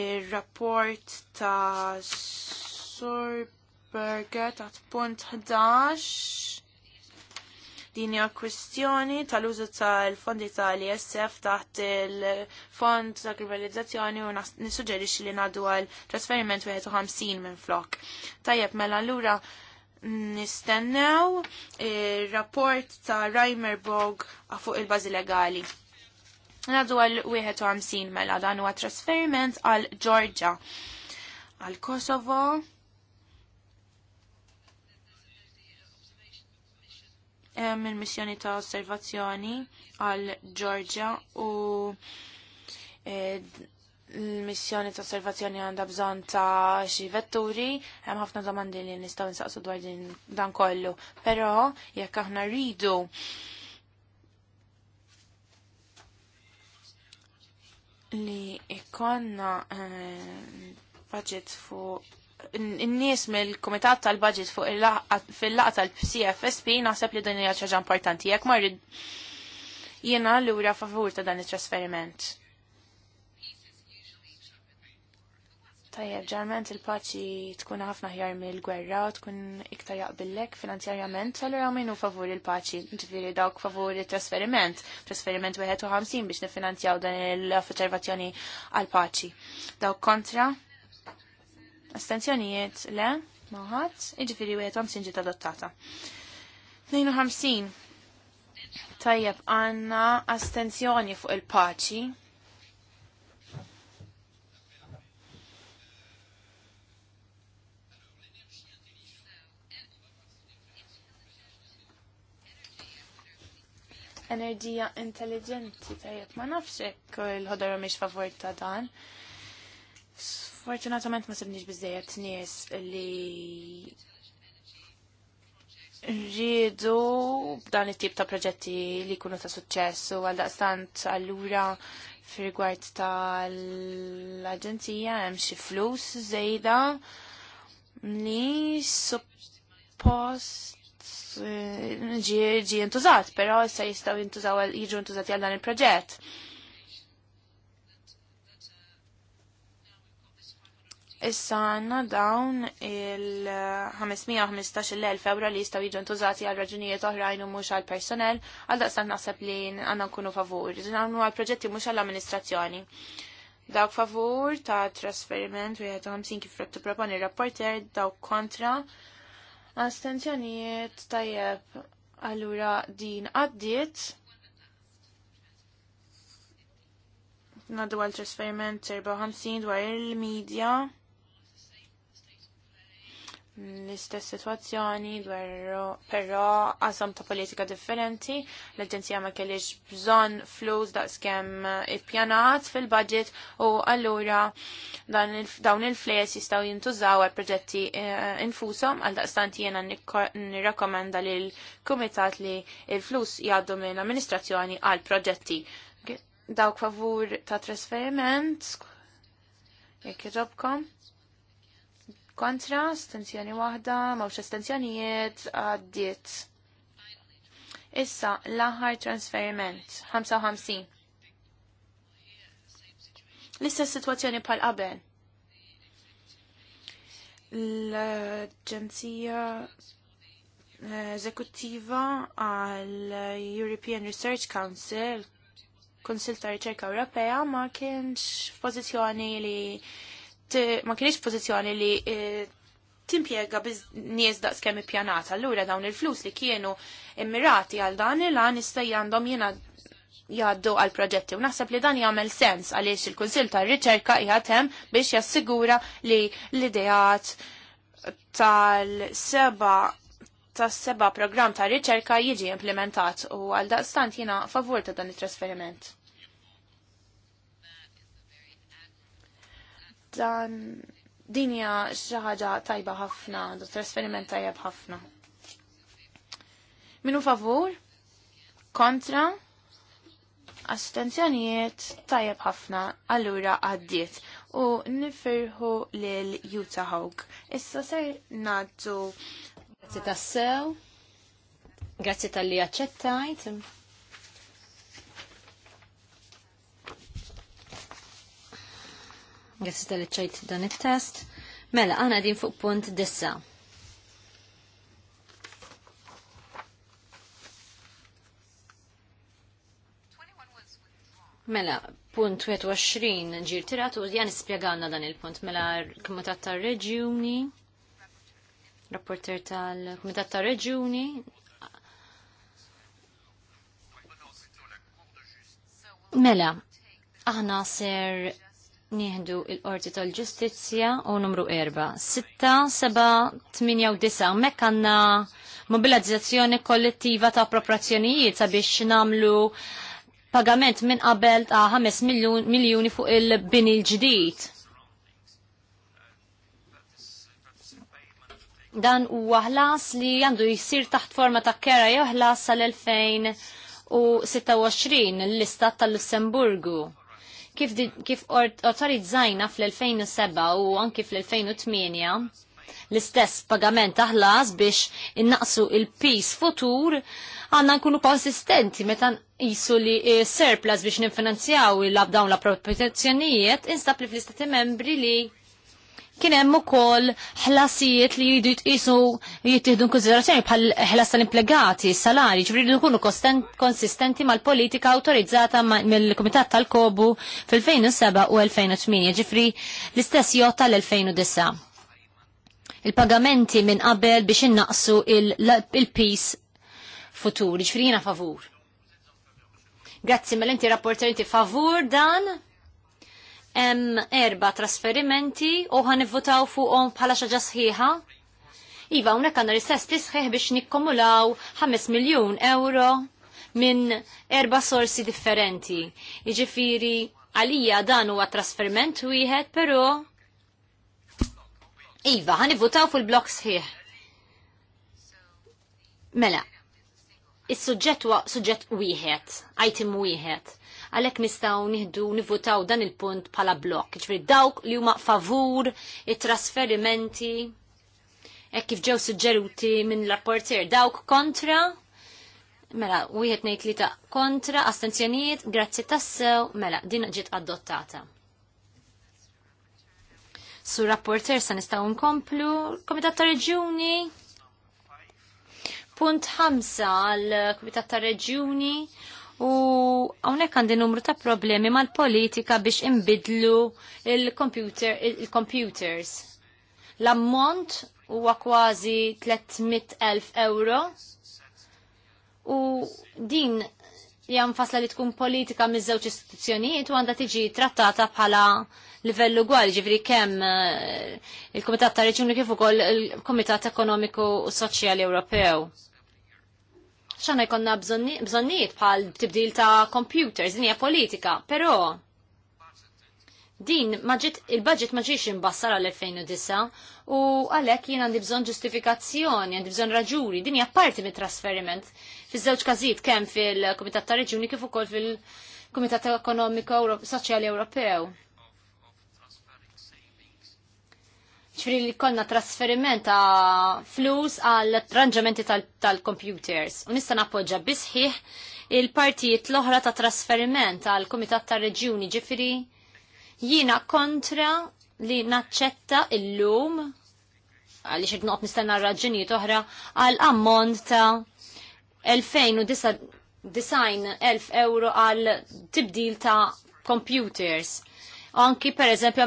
il rapport ta' Surberger għat punt 11 Din hija kwistjoni tal-użu tal-fondi tal-ISF taħt il-fond ta' globalizzazzjoni u nissuġġerixxi li ngħaddu għal trasferiment 51 minn flok. Tajjeb mela allura nistennew ir-rapport ta' Reimer Bog fuq il-bażi legali. Nadu għal 51 mela dan huwa trasferiment għal Georgia, għal Kosovo, hemm il-missjoni ta' osservazzjoni għal Georgia u e, l-missjoni ta' osservazzjoni għandha bżonn ta' xi vetturi, hemm ħafna domandi li nistgħu nsaqsu dwar dan kollu. Però jekk aħna rridu li ikonna eh, budget fuq n-nies mill-Komitat tal-Budget fuq fil-laqa tal-CFSP naħseb li dan hija ċaġa importanti jekk ma rrid jiena lura favur ta' dan it-trasferiment. Tajjeb, ġarment il-paċi tkun ħafna ħjar mill-gwerra, tkun iktar jaqbillek finanzjarjament, għallura minnu favur il-paċi, ġviri dawk favur il-trasferiment, trasferiment 51 biex nifinanzjaw dan l affiċervazzjoni għal-paċi. Dawk kontra, Astenzjonijiet le, maħat, iġifiri u jgħetom sinġiet adottata. 52. Tajjeb għanna astenzjoni fuq il-paċi. enerġija intelligenti tajjeb ma nafx hekk il-ħodor mhix ta' dan. Fortunatament ma sibniex bizzejet nies li rridu dan it-tip ta' proġetti li kunu ta' suċċess u għal daqstant allura fir rigward tal-Aġenzija hemm xi flus żejda li suppost eh, ġi ntużat, però se jistgħu jintużaw jiġu ntużati għal dan il-proġett Issa għanna dawn il-515.000 euro li jistaw jiġu ntużati għal raġunijiet oħrajn u mux għal personel, għal daqsan naħseb li għanna nkunu favur. Għanna għal proġetti mux għal amministrazzjoni. Dawk favur ta' trasferiment u għamsin kif rektu proponi rapporter, dawk kontra. Astenzjonijiet tajjeb allura din għaddiet. Naddu għal trasferiment 54 dwar il-medja l-istess situazzjoni, però għazam ta' politika differenti, l-Aġenzija ma kellix bżon flus da' skem ippjanat fil-budget u allura dawn il-fles jistaw jintużaw għal proġetti eh, infusom għal daqstant jena nirrakomenda li l-Kumitat li il-flus jgħaddu minn amministrazzjoni għal proġetti. Dawk favur ta' trasferiment, jekk jġobkom kontra, stenzjoni waħda, mawx stenzjonijiet, għaddiet. Issa, l-aħħar transferiment, 55. L-istess situazzjoni pal qabel. L-Aġenzija eh, Eżekuttiva għal European Research Council, Konsil ta' Riċerka Ewropea, ma kienx f'pożizzjoni li Eh, ma kienx pożizzjoni li eh, timpiega nies daqs kemm ippjanata. Allura dawn il-flus li kienu immirati għal dan il-għan jista' għandhom jiena jgħaddu għal proġetti u naħseb li dan jagħmel sens għaliex il-Kunsill tar-Riċerka qiegħed hemm biex jassigura li l-ideat tal-seba tas-seba programm ta' riċerka jiġi implementat u għal daqstant jiena favur ta' dan it-trasferiment. Dan dinja xi ħaġa tajba ħafna, do trasferiment tajjeb ħafna. Minu favur? Kontra? Astenzjonijiet tajjeb ħafna, allura għaddiet u nifirħu lil Juta Hawk. Issa ser naddu. Grazzi tassew, grazzi tal-li għacċettajt. Grazzi tal-ċajt dan il-test. Mela, għana din fuq punt dissa. Mela, punt 21 ġir tirat u jan ispjegana dan il-punt. Mela, Kumitat ta' reġjuni, rapporter tal kumitat ta' reġjuni, Mela, aħna ser nieħdu il-Qorti tal-Ġustizzja u numru 4. 6, 7, 8 u 9. Mek għanna mobilizzazzjoni kollettiva ta' appropriazzjonijiet sabiex namlu pagament minn qabel ta' 5 miljoni fuq il-bini l-ġdid. Dan huwa ħlas li għandu jisir taħt forma ta' kera joħlas ħlas sal-2026 l-istat tal-Lussemburgu kif, kif autorizzajna fl-2007 u anki fl-2008 l-istess pagament aħlas biex innaqsu il peace futur għanna nkunu konsistenti meta jisu li e, surplus biex ninfinanzjaw il-abdawn la protezzjonijiet instab li fl-istati membri li kien hemm ukoll ħlasijiet li jridu jitqisu jittieħdu konsiderazzjoni bħal ħlas tal-implegati, salari, ġifri jridu jkunu konsistenti mal-politika awtorizzata mill-Kumitat tal-Kobu fil-2007 u 2008, ġifri l-istess jot tal-2009. Il-pagamenti minn qabel biex innaqsu il-pis futur, ġifri jina favur. Grazzi, mill mela inti rapporter favur dan? Hemm erba trasferimenti u ħanivvutaw fuqhom bħala xi sħiħa. Iva, hawnhekk għandna l-istess tisħiħ biex nikkumulaw 5 miljun euro minn erba sorsi differenti. Jiġifieri għalija dan huwa trasferiment wieħed, però Iva, ħanivvutaw fil-blok sħiħ. Mela, is-suġġett huwa suġġett wieħed, item wieħed għalhekk nistgħu nieħdu nivutaw dan il-punt bħala blok. Ġifieri dawk li huma favur it-trasferimenti hekk kif ġew suġġeruti minn l-rapporter dawk kontra mela wieħed ngħid li ta' kontra astenzjonijiet grazzi tassew mela din ġiet adottata. Sur rapporter sa nistgħu nkomplu Komitat ta' Reġjuni punt 5 għal Komitat ta' Reġjuni U għonek għandi numru ta' problemi mal-politika biex imbidlu il-computers. Il L-ammont huwa kważi 300.000 euro u din fasla li tkun politika miż-żewġ istituzzjonijiet u għandha tiġi trattata bħala livell ugwali, ġifri kemm eh, il-Komitat ta' Reġuni kif ukoll il-Komitat Ekonomiku u Soċjali Ewropew xana jkonna bżonniet bħal tibdil ta' computers, dinja politika, pero din maġit, il-budget maġiex imbassar għal-2009 u għalek jien għandi bżon ġustifikazzjoni, għandi bżon raġuri, dinja parti mit trasferiment fiż-żewġ każijiet kemm fil-Kumitat ta' Reġuni kif ukoll fil-Kumitat Ekonomiko Soċjali Ewropew. ċfri li konna trasferiment ta' flus għal ranġamenti tal-computers. U nista' nappoġġa bisħiħ il-partijiet l-oħra ta' trasferiment għal Kumitat ta' Reġjuni ġifiri jina kontra li naċċetta illum għaliex qed noqgħod nistenna raġunijiet oħra għal ammont ta' 2009 elf euro għal tibdil ta' computers anki per eżempju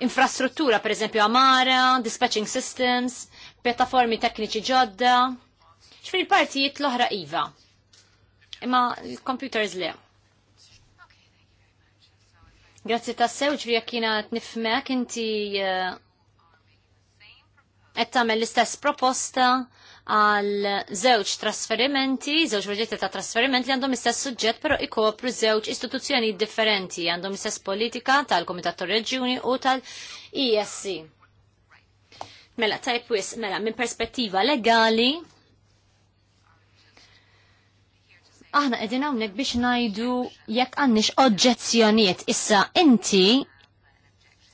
infrastruttura, per eżempju amara, dispatching systems, pjattaformi tekniċi ġodda, xfin il-partijiet l-oħra IVA. Imma l-computers le. Grazie ta' sew, ġri jek jina t-nifmek, inti għed eh, uh, tamel l-istess proposta għal żewġ trasferimenti, żewġ proġetti ta' trasferiment li għandhom istess suġġett però ikopru żewġ istituzzjoni differenti, għandhom istess politika tal-Komitat Reġjuni u tal-ESC. Mela, tajb wis, mela, minn perspettiva legali, aħna edin hawnhekk biex ngħidu jekk għannix oġġezzjonijiet issa inti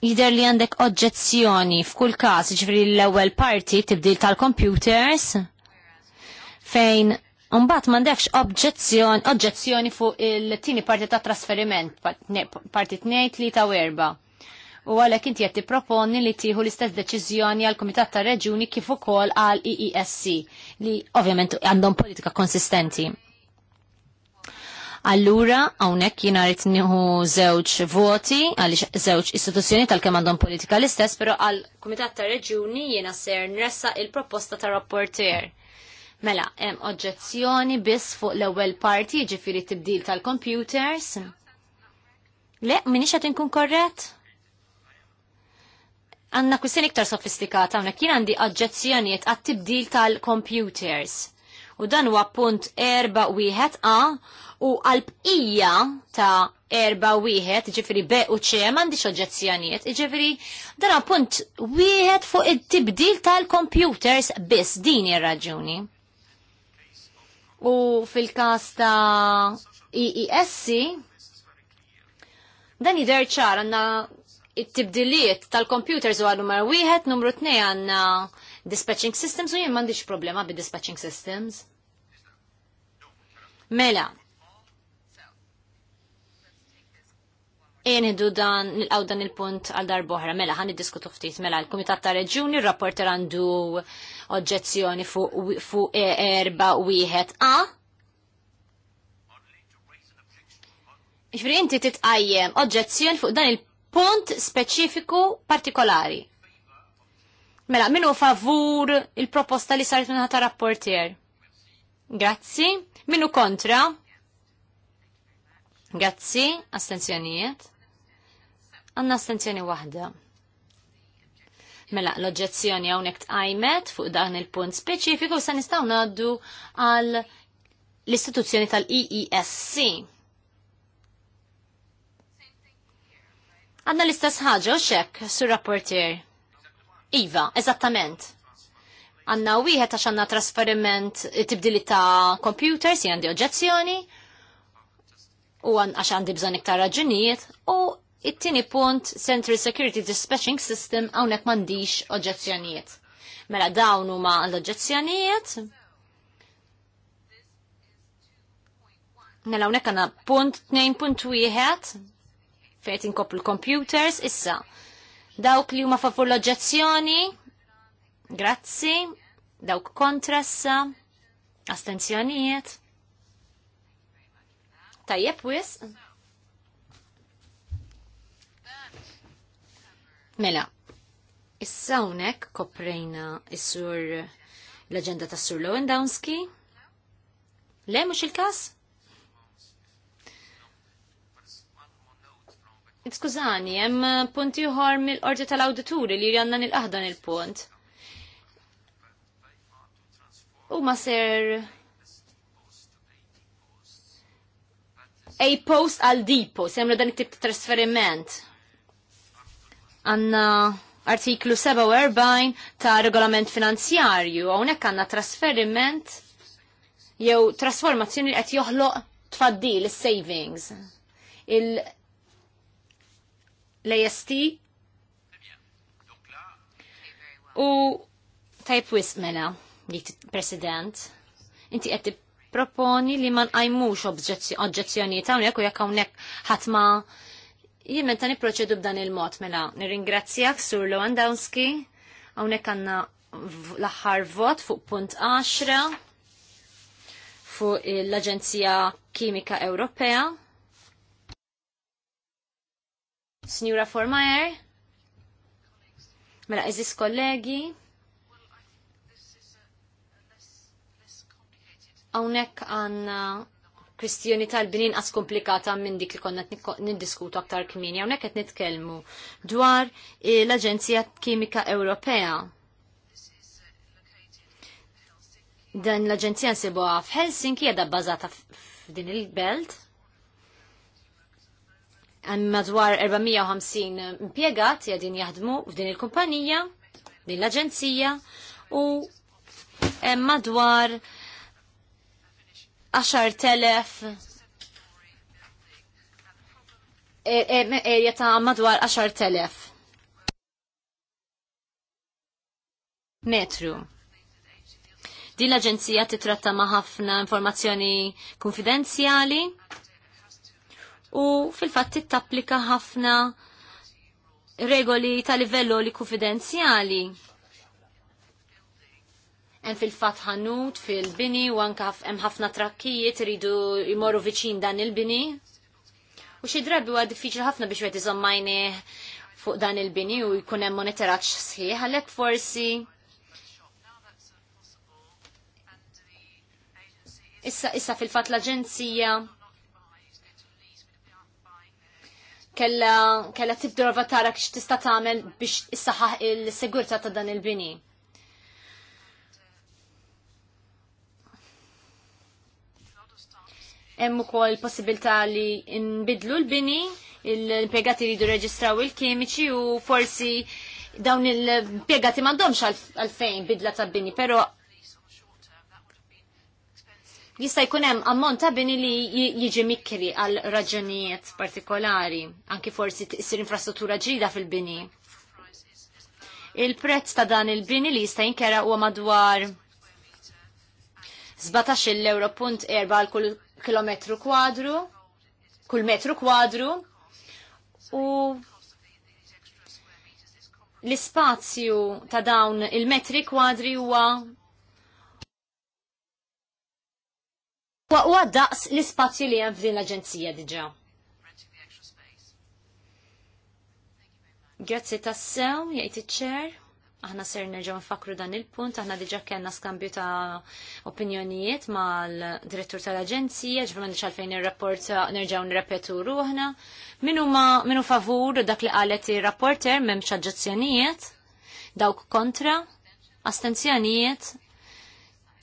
jider li għandek oġġezzjoni f'kull każ ġifri l-ewwel parti tibdil tal-computers fejn Umbat mandekx oġġezzjoni oġġezzjoni fuq il-tini parti ta' trasferiment, parti 2, li u werba'. U għalek inti jatti proponi li tiħu l-istess deċizjoni għal Komitat ta' Reġuni kif ukoll għal EESC li ovvjament għandhom politika konsistenti. Allura, hawnhekk jina rrit nieħu żewġ voti għaliex żewġ istituzzjoni tal kemandon għandhom politika l-istess, però għal Kumitat ta' Reġjuni jiena ser nressa il-proposta ta' rapporter. Mela, hemm oġġezzjoni biss fuq l-ewwel parti, ġifiri tibdil tal-computers. Le, minix qed inkun korrett? Għanna kwistjoni iktar sofistikata, għanna kien għandi oġġezzjonijiet għat-tibdil tal-computers u dan huwa punt erba wieħed a u għalbqija ta' erba wieħed, ġifiri be u ċe, mandi oġġezzjonijiet, ġifiri dan punt wieħed fuq it-tibdil tal-computers biss din ir-raġuni. U fil-kas ta' EESC, dan jidher ċar għandna it-tibdiliet tal-computers u għal-numar wieħed, numru t għandna dispatching systems u jien m'għandix problema bi dispatching systems. Mela, Enidu dan, nilqaw dan il-punt għal boħra. mela ħan diskutu ftit, mela l-Komitat ta' Reġjuni r-rapporter għandu oġġezzjoni fuq e erba wieħed A. Ġifri inti titqajjem oġġezzjoni fuq dan il-punt speċifiku partikolari. Mela, minu favur il-proposta li saret minna ta' rapporter? Grazzi. Minu kontra? Grazzi, astenzjonijiet. Għanna stenzjoni wahda. Mela, l-oġġezzjoni hawnhekk tqajmet fuq dan il-punt speċifiku se nistgħu ngħaddu għal l-istituzzjoni tal-EESC. Għanna l-istess ħaġa u xek sur rapportier. Iva, eżattament. Għanna u wieħed għax għanna trasferiment tibdili ta' computers, jgħandi oġġezzjoni, u għax għandi bżon iktar raġunijiet, u It-tieni punt, Central Security Dispatching System, hawnhekk m'għandix oġġezzjonijiet. Mela dawn huma l-oġġezzjonijiet. Mela hawnhekk għandna punt 2.1 fejn inkoplu l-computers issa. Dawk li huma favur l-oġġezzjoni, grazzi, dawk kontrassa, astenzjonijiet. Tajjeb wisq. Mela, issa hawnhekk koprejna is-sur l-aġenda tas sur Lewandowski. Le mhux il-każ? Skużani, hemm punti uħor mill-qorti tal-awdituri li janna il aħdan il-punt. U ma ser A post għal dipo, post, dan it-tip ta' trasferiment għanna artiklu 47 ta' regolament finanzjarju, għonek għanna trasferiment jew trasformazzjoni li qed joħloq tfaddil is-savings. Il l-AST u tajb wismela li president inti qed proponi li ma nqajmux oġġezzjoni ta' hawnhekk u jekk hawnhekk ħatma. Jien meta niproċedu b'dan il-mod mela nirringrazzjak Sur Lewandowski hawnhekk għandna l-aħħar vot fuq punt 10 fuq l-Aġenzija Kimika Ewropea. Signora Formajer, mela eżis kollegi, għawnek għanna kwistjoni tal-binin as komplikata minn dik li konna nindiskutu aktar kmini. Hawnhekk qed nitkellmu dwar eh, l-Aġenzija Kimika Ewropea. Dan l-Aġenzija għaf Helsinki qiegħda bbażata f'din il-belt. Hemm madwar 450 impjegat qegħdin jaħdmu f'din il-kumpanija, din l-Aġenzija u madwar telef, area e, e, ta' madwar għaxar telef. metru. Din l-Aġenzija titratta ma' ħafna informazzjoni konfidenzjali u fil-fatt tittapplika ħafna regoli ta' livello li konfidenzjali hemm fil-fatt ħanut fil-bini u anke hemm ħafna trakkijiet iridu jmorru viċin dan il-bini. U xi drabi huwa diffiċli ħafna biex wieħed iżommajni fuq dan il-bini u jkun hemm monitoraġġ sħiħ, għalhekk forsi issa issa fil-fatt l-aġenzija kella kella tara kx tista' tagħmel biex issaħaq il-sigurtà ta' dan il-bini. hemm ukoll possibilità li nbidlu l-bini, l-impjegati jridu reġistraw il-kimiċi u forsi dawn il-impjegati m'għandhomx għalfejn bidla ta' bini, però jista' jkun hemm ammont ta' bini li jiġi mikri għal raġunijiet partikolari, anki forsi tisir infrastruttura ġdida fil-bini. Il-prezz ta' dan il-bini li jista' jinkera huwa madwar 17 euro punt erba għal kull kilometru kwadru, kull metru kwadru, u l-ispazju ta' dawn il-metri kwadri huwa huwa daqs l-ispazju li hemm f'din l-aġenzija diġà. Grazzi tassew, jgħid iċ-ċer aħna ser nerġaw nfakru dan il-punt, aħna diġà kellna skambju ta' opinjonijiet mal-direttur tal-aġenzija, ġifna diġà fejn ir-rapport nerġgħu nirrepetu ruħna. Minu ma minu favur dak li qalet ir-rapporter m'hemmx aġġezzjonijiet, dawk kontra, astenzjonijiet,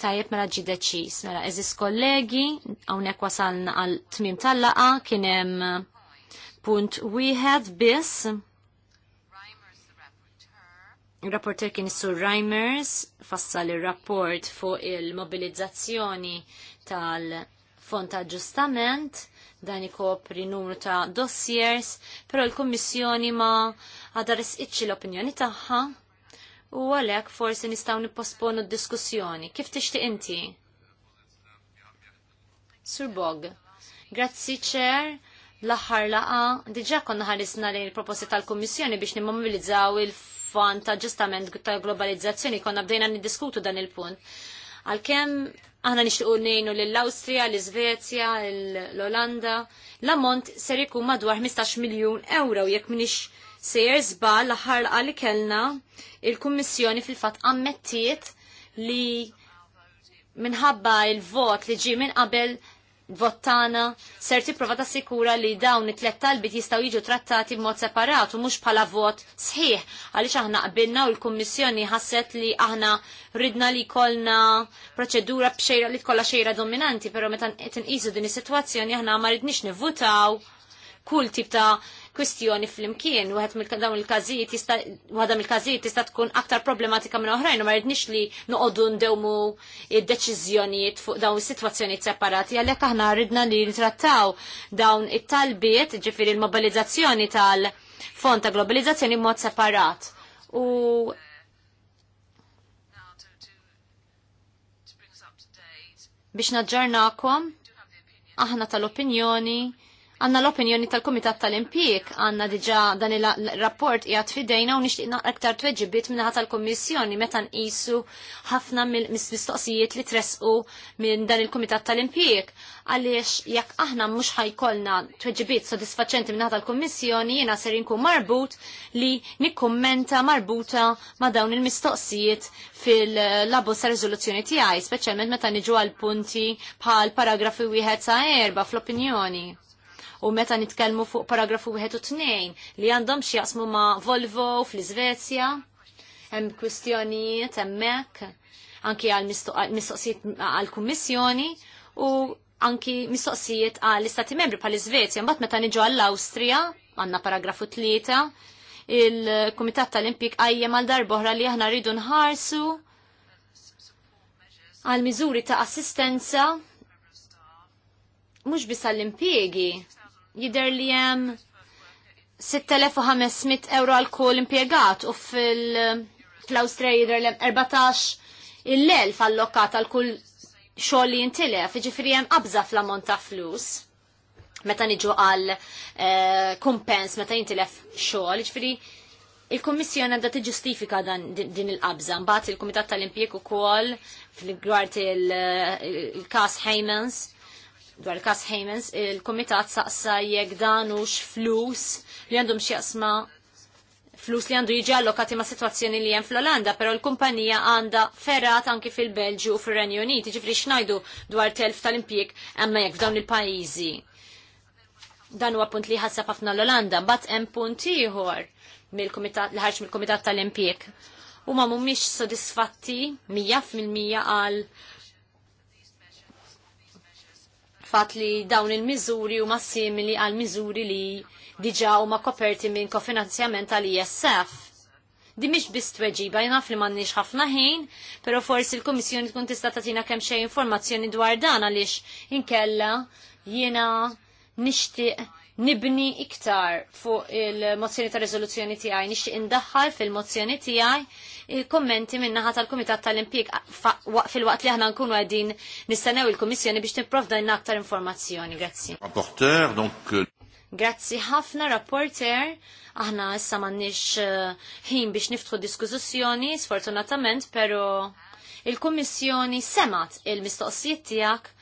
tajjeb mela ġi deċis. Mela, eżis kollegi, hawnhekk wasalna għal tmim tal-laqa, kien hemm punt wieħed biss Rapporter kien Sur Reimers, fassal il-rapport fuq il-mobilizzazzjoni tal-Fond ta' Ġustament, dan ikopri numru ta' dossiers, però l-Kommissjoni ma għadha resqitx l-opinjoni tagħha u għalhekk forsi nistgħu nipposponu d-diskussjoni. Kif tixtieq inti? Sur Bog, grazzi ċer l-aħħar laqa diġà konna ħarisna lejn il-proposti tal-Kummissjoni biex nimmobilizzaw il- fond ta' ġustament ta' globalizzazzjoni konna bdejna niddiskutu dan il-punt. Għalkemm aħna nixtiqu nejnu l-Awstrija, l-Svezja, l-Olanda, l-ammont ser jkun madwar 15 miljun euro jekk minix sejjer żbal l-aħħar li kellna il-Kummissjoni fil-fatt ammettiet li minħabba il-vot li ġi minn qabel vottana ser tipprova tassikura li dawn it-tlet talbit jistgħu jiġu trattati b'mod separat u mhux bħala vot sħiħ għaliex aħna qbilna u l-Kummissjoni ħasset li aħna ridna li kolna proċedura b'xejra li tkollha xejra dominanti, però meta qed inqisu din is-sitwazzjoni aħna ma ridniex nivvutaw kull tip ta' kwistjoni fl-imkien, u għed dawn il-kazijiet jista' waħda mill-każijiet tista' tkun aktar problematika minn oħrajn u ma nix li noqogħdu ndewmu id-deċiżjonijiet fuq dawn is-sitwazzjonijiet separati għalhekk aħna ridna li nitrattaw dawn it-talbiet, ġifieri l-mobilizzazzjoni tal-fond ta' globalizzazzjoni b'mod separat. U biex naġġarnakom aħna tal-opinjoni Għanna l-opinjoni tal-Komitat tal-Impjek, għanna diġa dan il-rapport jgħat fidejna u nixtieq naqra aktar tweġibiet minnaħa tal komissjoni meta nqisu ħafna mill-mistoqsijiet li tresqu minn dan il-Komitat tal-Impjek. Għaliex jekk aħna mhux ħajkolna tweġibiet sodisfaċenti minnaħa tal-Kommissjoni jiena ser inkun marbut li nikkummenta marbuta ma' dawn il-mistoqsijiet fil labu sa' riżoluzzjoni tiegħi, speċjalment meta niġu għal punti bħal paragrafi wieħed sa' erba fl-opinjoni u meta nitkellmu fuq paragrafu 1 u li għandhom x'jaqsmu ma' Volvo fl-Iżvezja, hemm kwistjonijiet hemmhekk anki għal mistoqsijiet għal kummissjoni u anki mistoqsijiet għal istati membri pal iżvezja mbagħad meta niġu għall awstrija għandna paragrafu tlieta, il-Kumitat tal-Impik għajjem għal darbohra li aħna rridu nħarsu għal miżuri ta' assistenza mhux biss għall-impjegi jider li jem 6500 euro għal kull impiegat u fil-Austria jider li jem 14 il-lelf allokat għal kull xogħol li jintilef, ġifiri jem qabża fl-ammont ta' flus meta niġu għal eh, kumpens, meta jintilef xogħol, ġifiri il-Kommissjoni għadha tiġġustifika din il qabza mbagħad il-Kumitat tal-Impjek ukoll fil-gwart eh, il-Kas Haymans dwar il-kas Heymans, il-komitat saqsa jekk danux flus li għandhom xjaqsma flus li għandu jiġi allokati ma' situazzjoni li jen fl-Olanda, pero l-kumpanija għanda ferrat anki fil-Belġu u fil-Renju Uniti, ġifri xnajdu dwar telf tal-impjek għamma jek f'dawn il-pajizi. Dan huwa punt li ħassab ħafna l-Olanda, bat hemm punt ieħor mill-kumitat li ħarġ mill-kumitat tal-impjek. Huma mhumiex sodisfatti mijaf fil-mija għal fatt li dawn il-miżuri huma simili għal miżuri li u huma koperti minn kofinanzjament tal ISF. Di miex biss tweġiba jnaf li m'għandniex ħafna ħin, però forsi l-Kummissjoni tkun tista' tagħtina kemm xejn informazzjoni dwar dan għaliex inkella jiena nixtieq nibni iktar fuq il-mozzjoni ta' rezoluzzjoni tiegħi nix indaħħal fil-mozzjoni tiegħi għaj kommenti minnaħa tal-Kumitat tal-Impjeg fil-waqt li aħna nkunu qegħdin nistennew il-Kummissjoni biex tipprovdajna aktar informazzjoni. Grazzi. Rapporteur, donc euh, Grazzi ħafna rapporter, aħna issa m'għandniex uh, ħin biex niftħu diskussjoni, sfortunatament, pero il-Kummissjoni semat il-mistoqsijiet tiegħek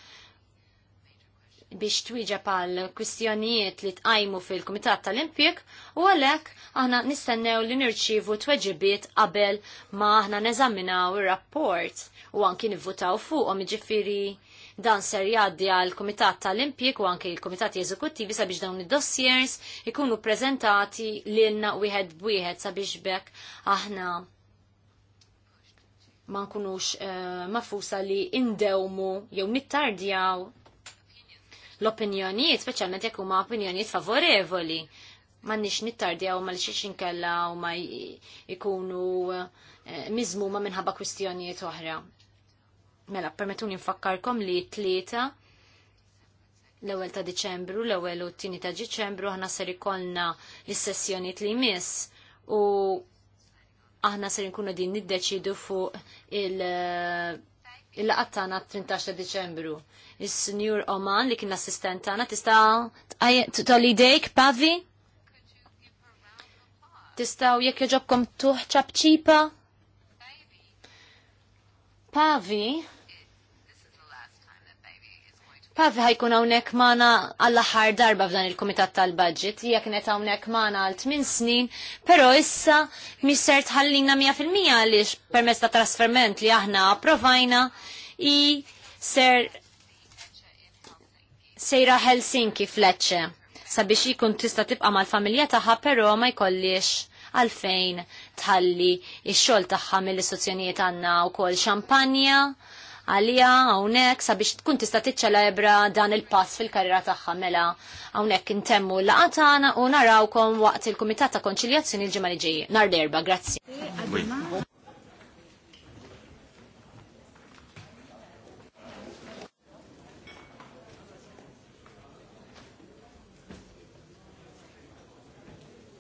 biex twiġa pal kwistjonijiet li tqajmu fil-Kumitat tal-Impjek u għalhekk aħna nistennew li nirċivu tweġibiet qabel ma aħna neżaminaw ir-rapport u anki nivvutaw fuqhom jiġifieri dan ser jgħaddi għal kumitat tal-Impjek u anke l kumitati Eżekuttivi sabiex dawn id-dossiers ikunu preżentati lilna wieħed b'wieħed sabiex bekk aħna ma nkunux uh, mafusa li indewmu jew nittardjaw l-opinjonijiet, speċjalment jekk huma opinjonijiet favorevoli. M'għandniex għaw ma li kella u ma jkunu eh, miżmuma minħabba kwistjonijiet oħra. Mela, permetuni nfakkarkom li tlieta l-ewwel ta' Diċembru, l-ewwel u t tini ta' Deċembru, aħna ser ikollna l-sessjonijiet li jmiss u aħna ser nkunu din niddeċidu fuq il- il għattana 13 Deċembru. Is-Sinjur Oman li kien assistent għana tista' tolli dejk Pavi? Tistaw jekk joġobkom tuħ ċabċipa? Pavi? Pavi ħajkun hawnhekk magħna għall-aħħar darba f'dan il-Kumitat tal-Budget. Hija kienet hawnhekk magħna għal tmien snin, però issa misser tħallina 100% għaliex permezz ta' trasferment li aħna approvajna i ser sejra Helsinki fletxe sabiex ikun tista' tibqa' mal-familja tagħha però ma jkollix għalfejn tħalli ix-xogħol tagħha mill-istazzjonijiet għandna wkoll xampanja għalija hawnhekk sabiex tkun tista' tiċċelebra dan il-pass fil-karriera tagħha mela hawnhekk intemmu laqgħa tagħna u narawkom waqt il-Kumitat ta' Konċiljazzjoni l-ġimgħa li ġej. Nar derba, grazzi.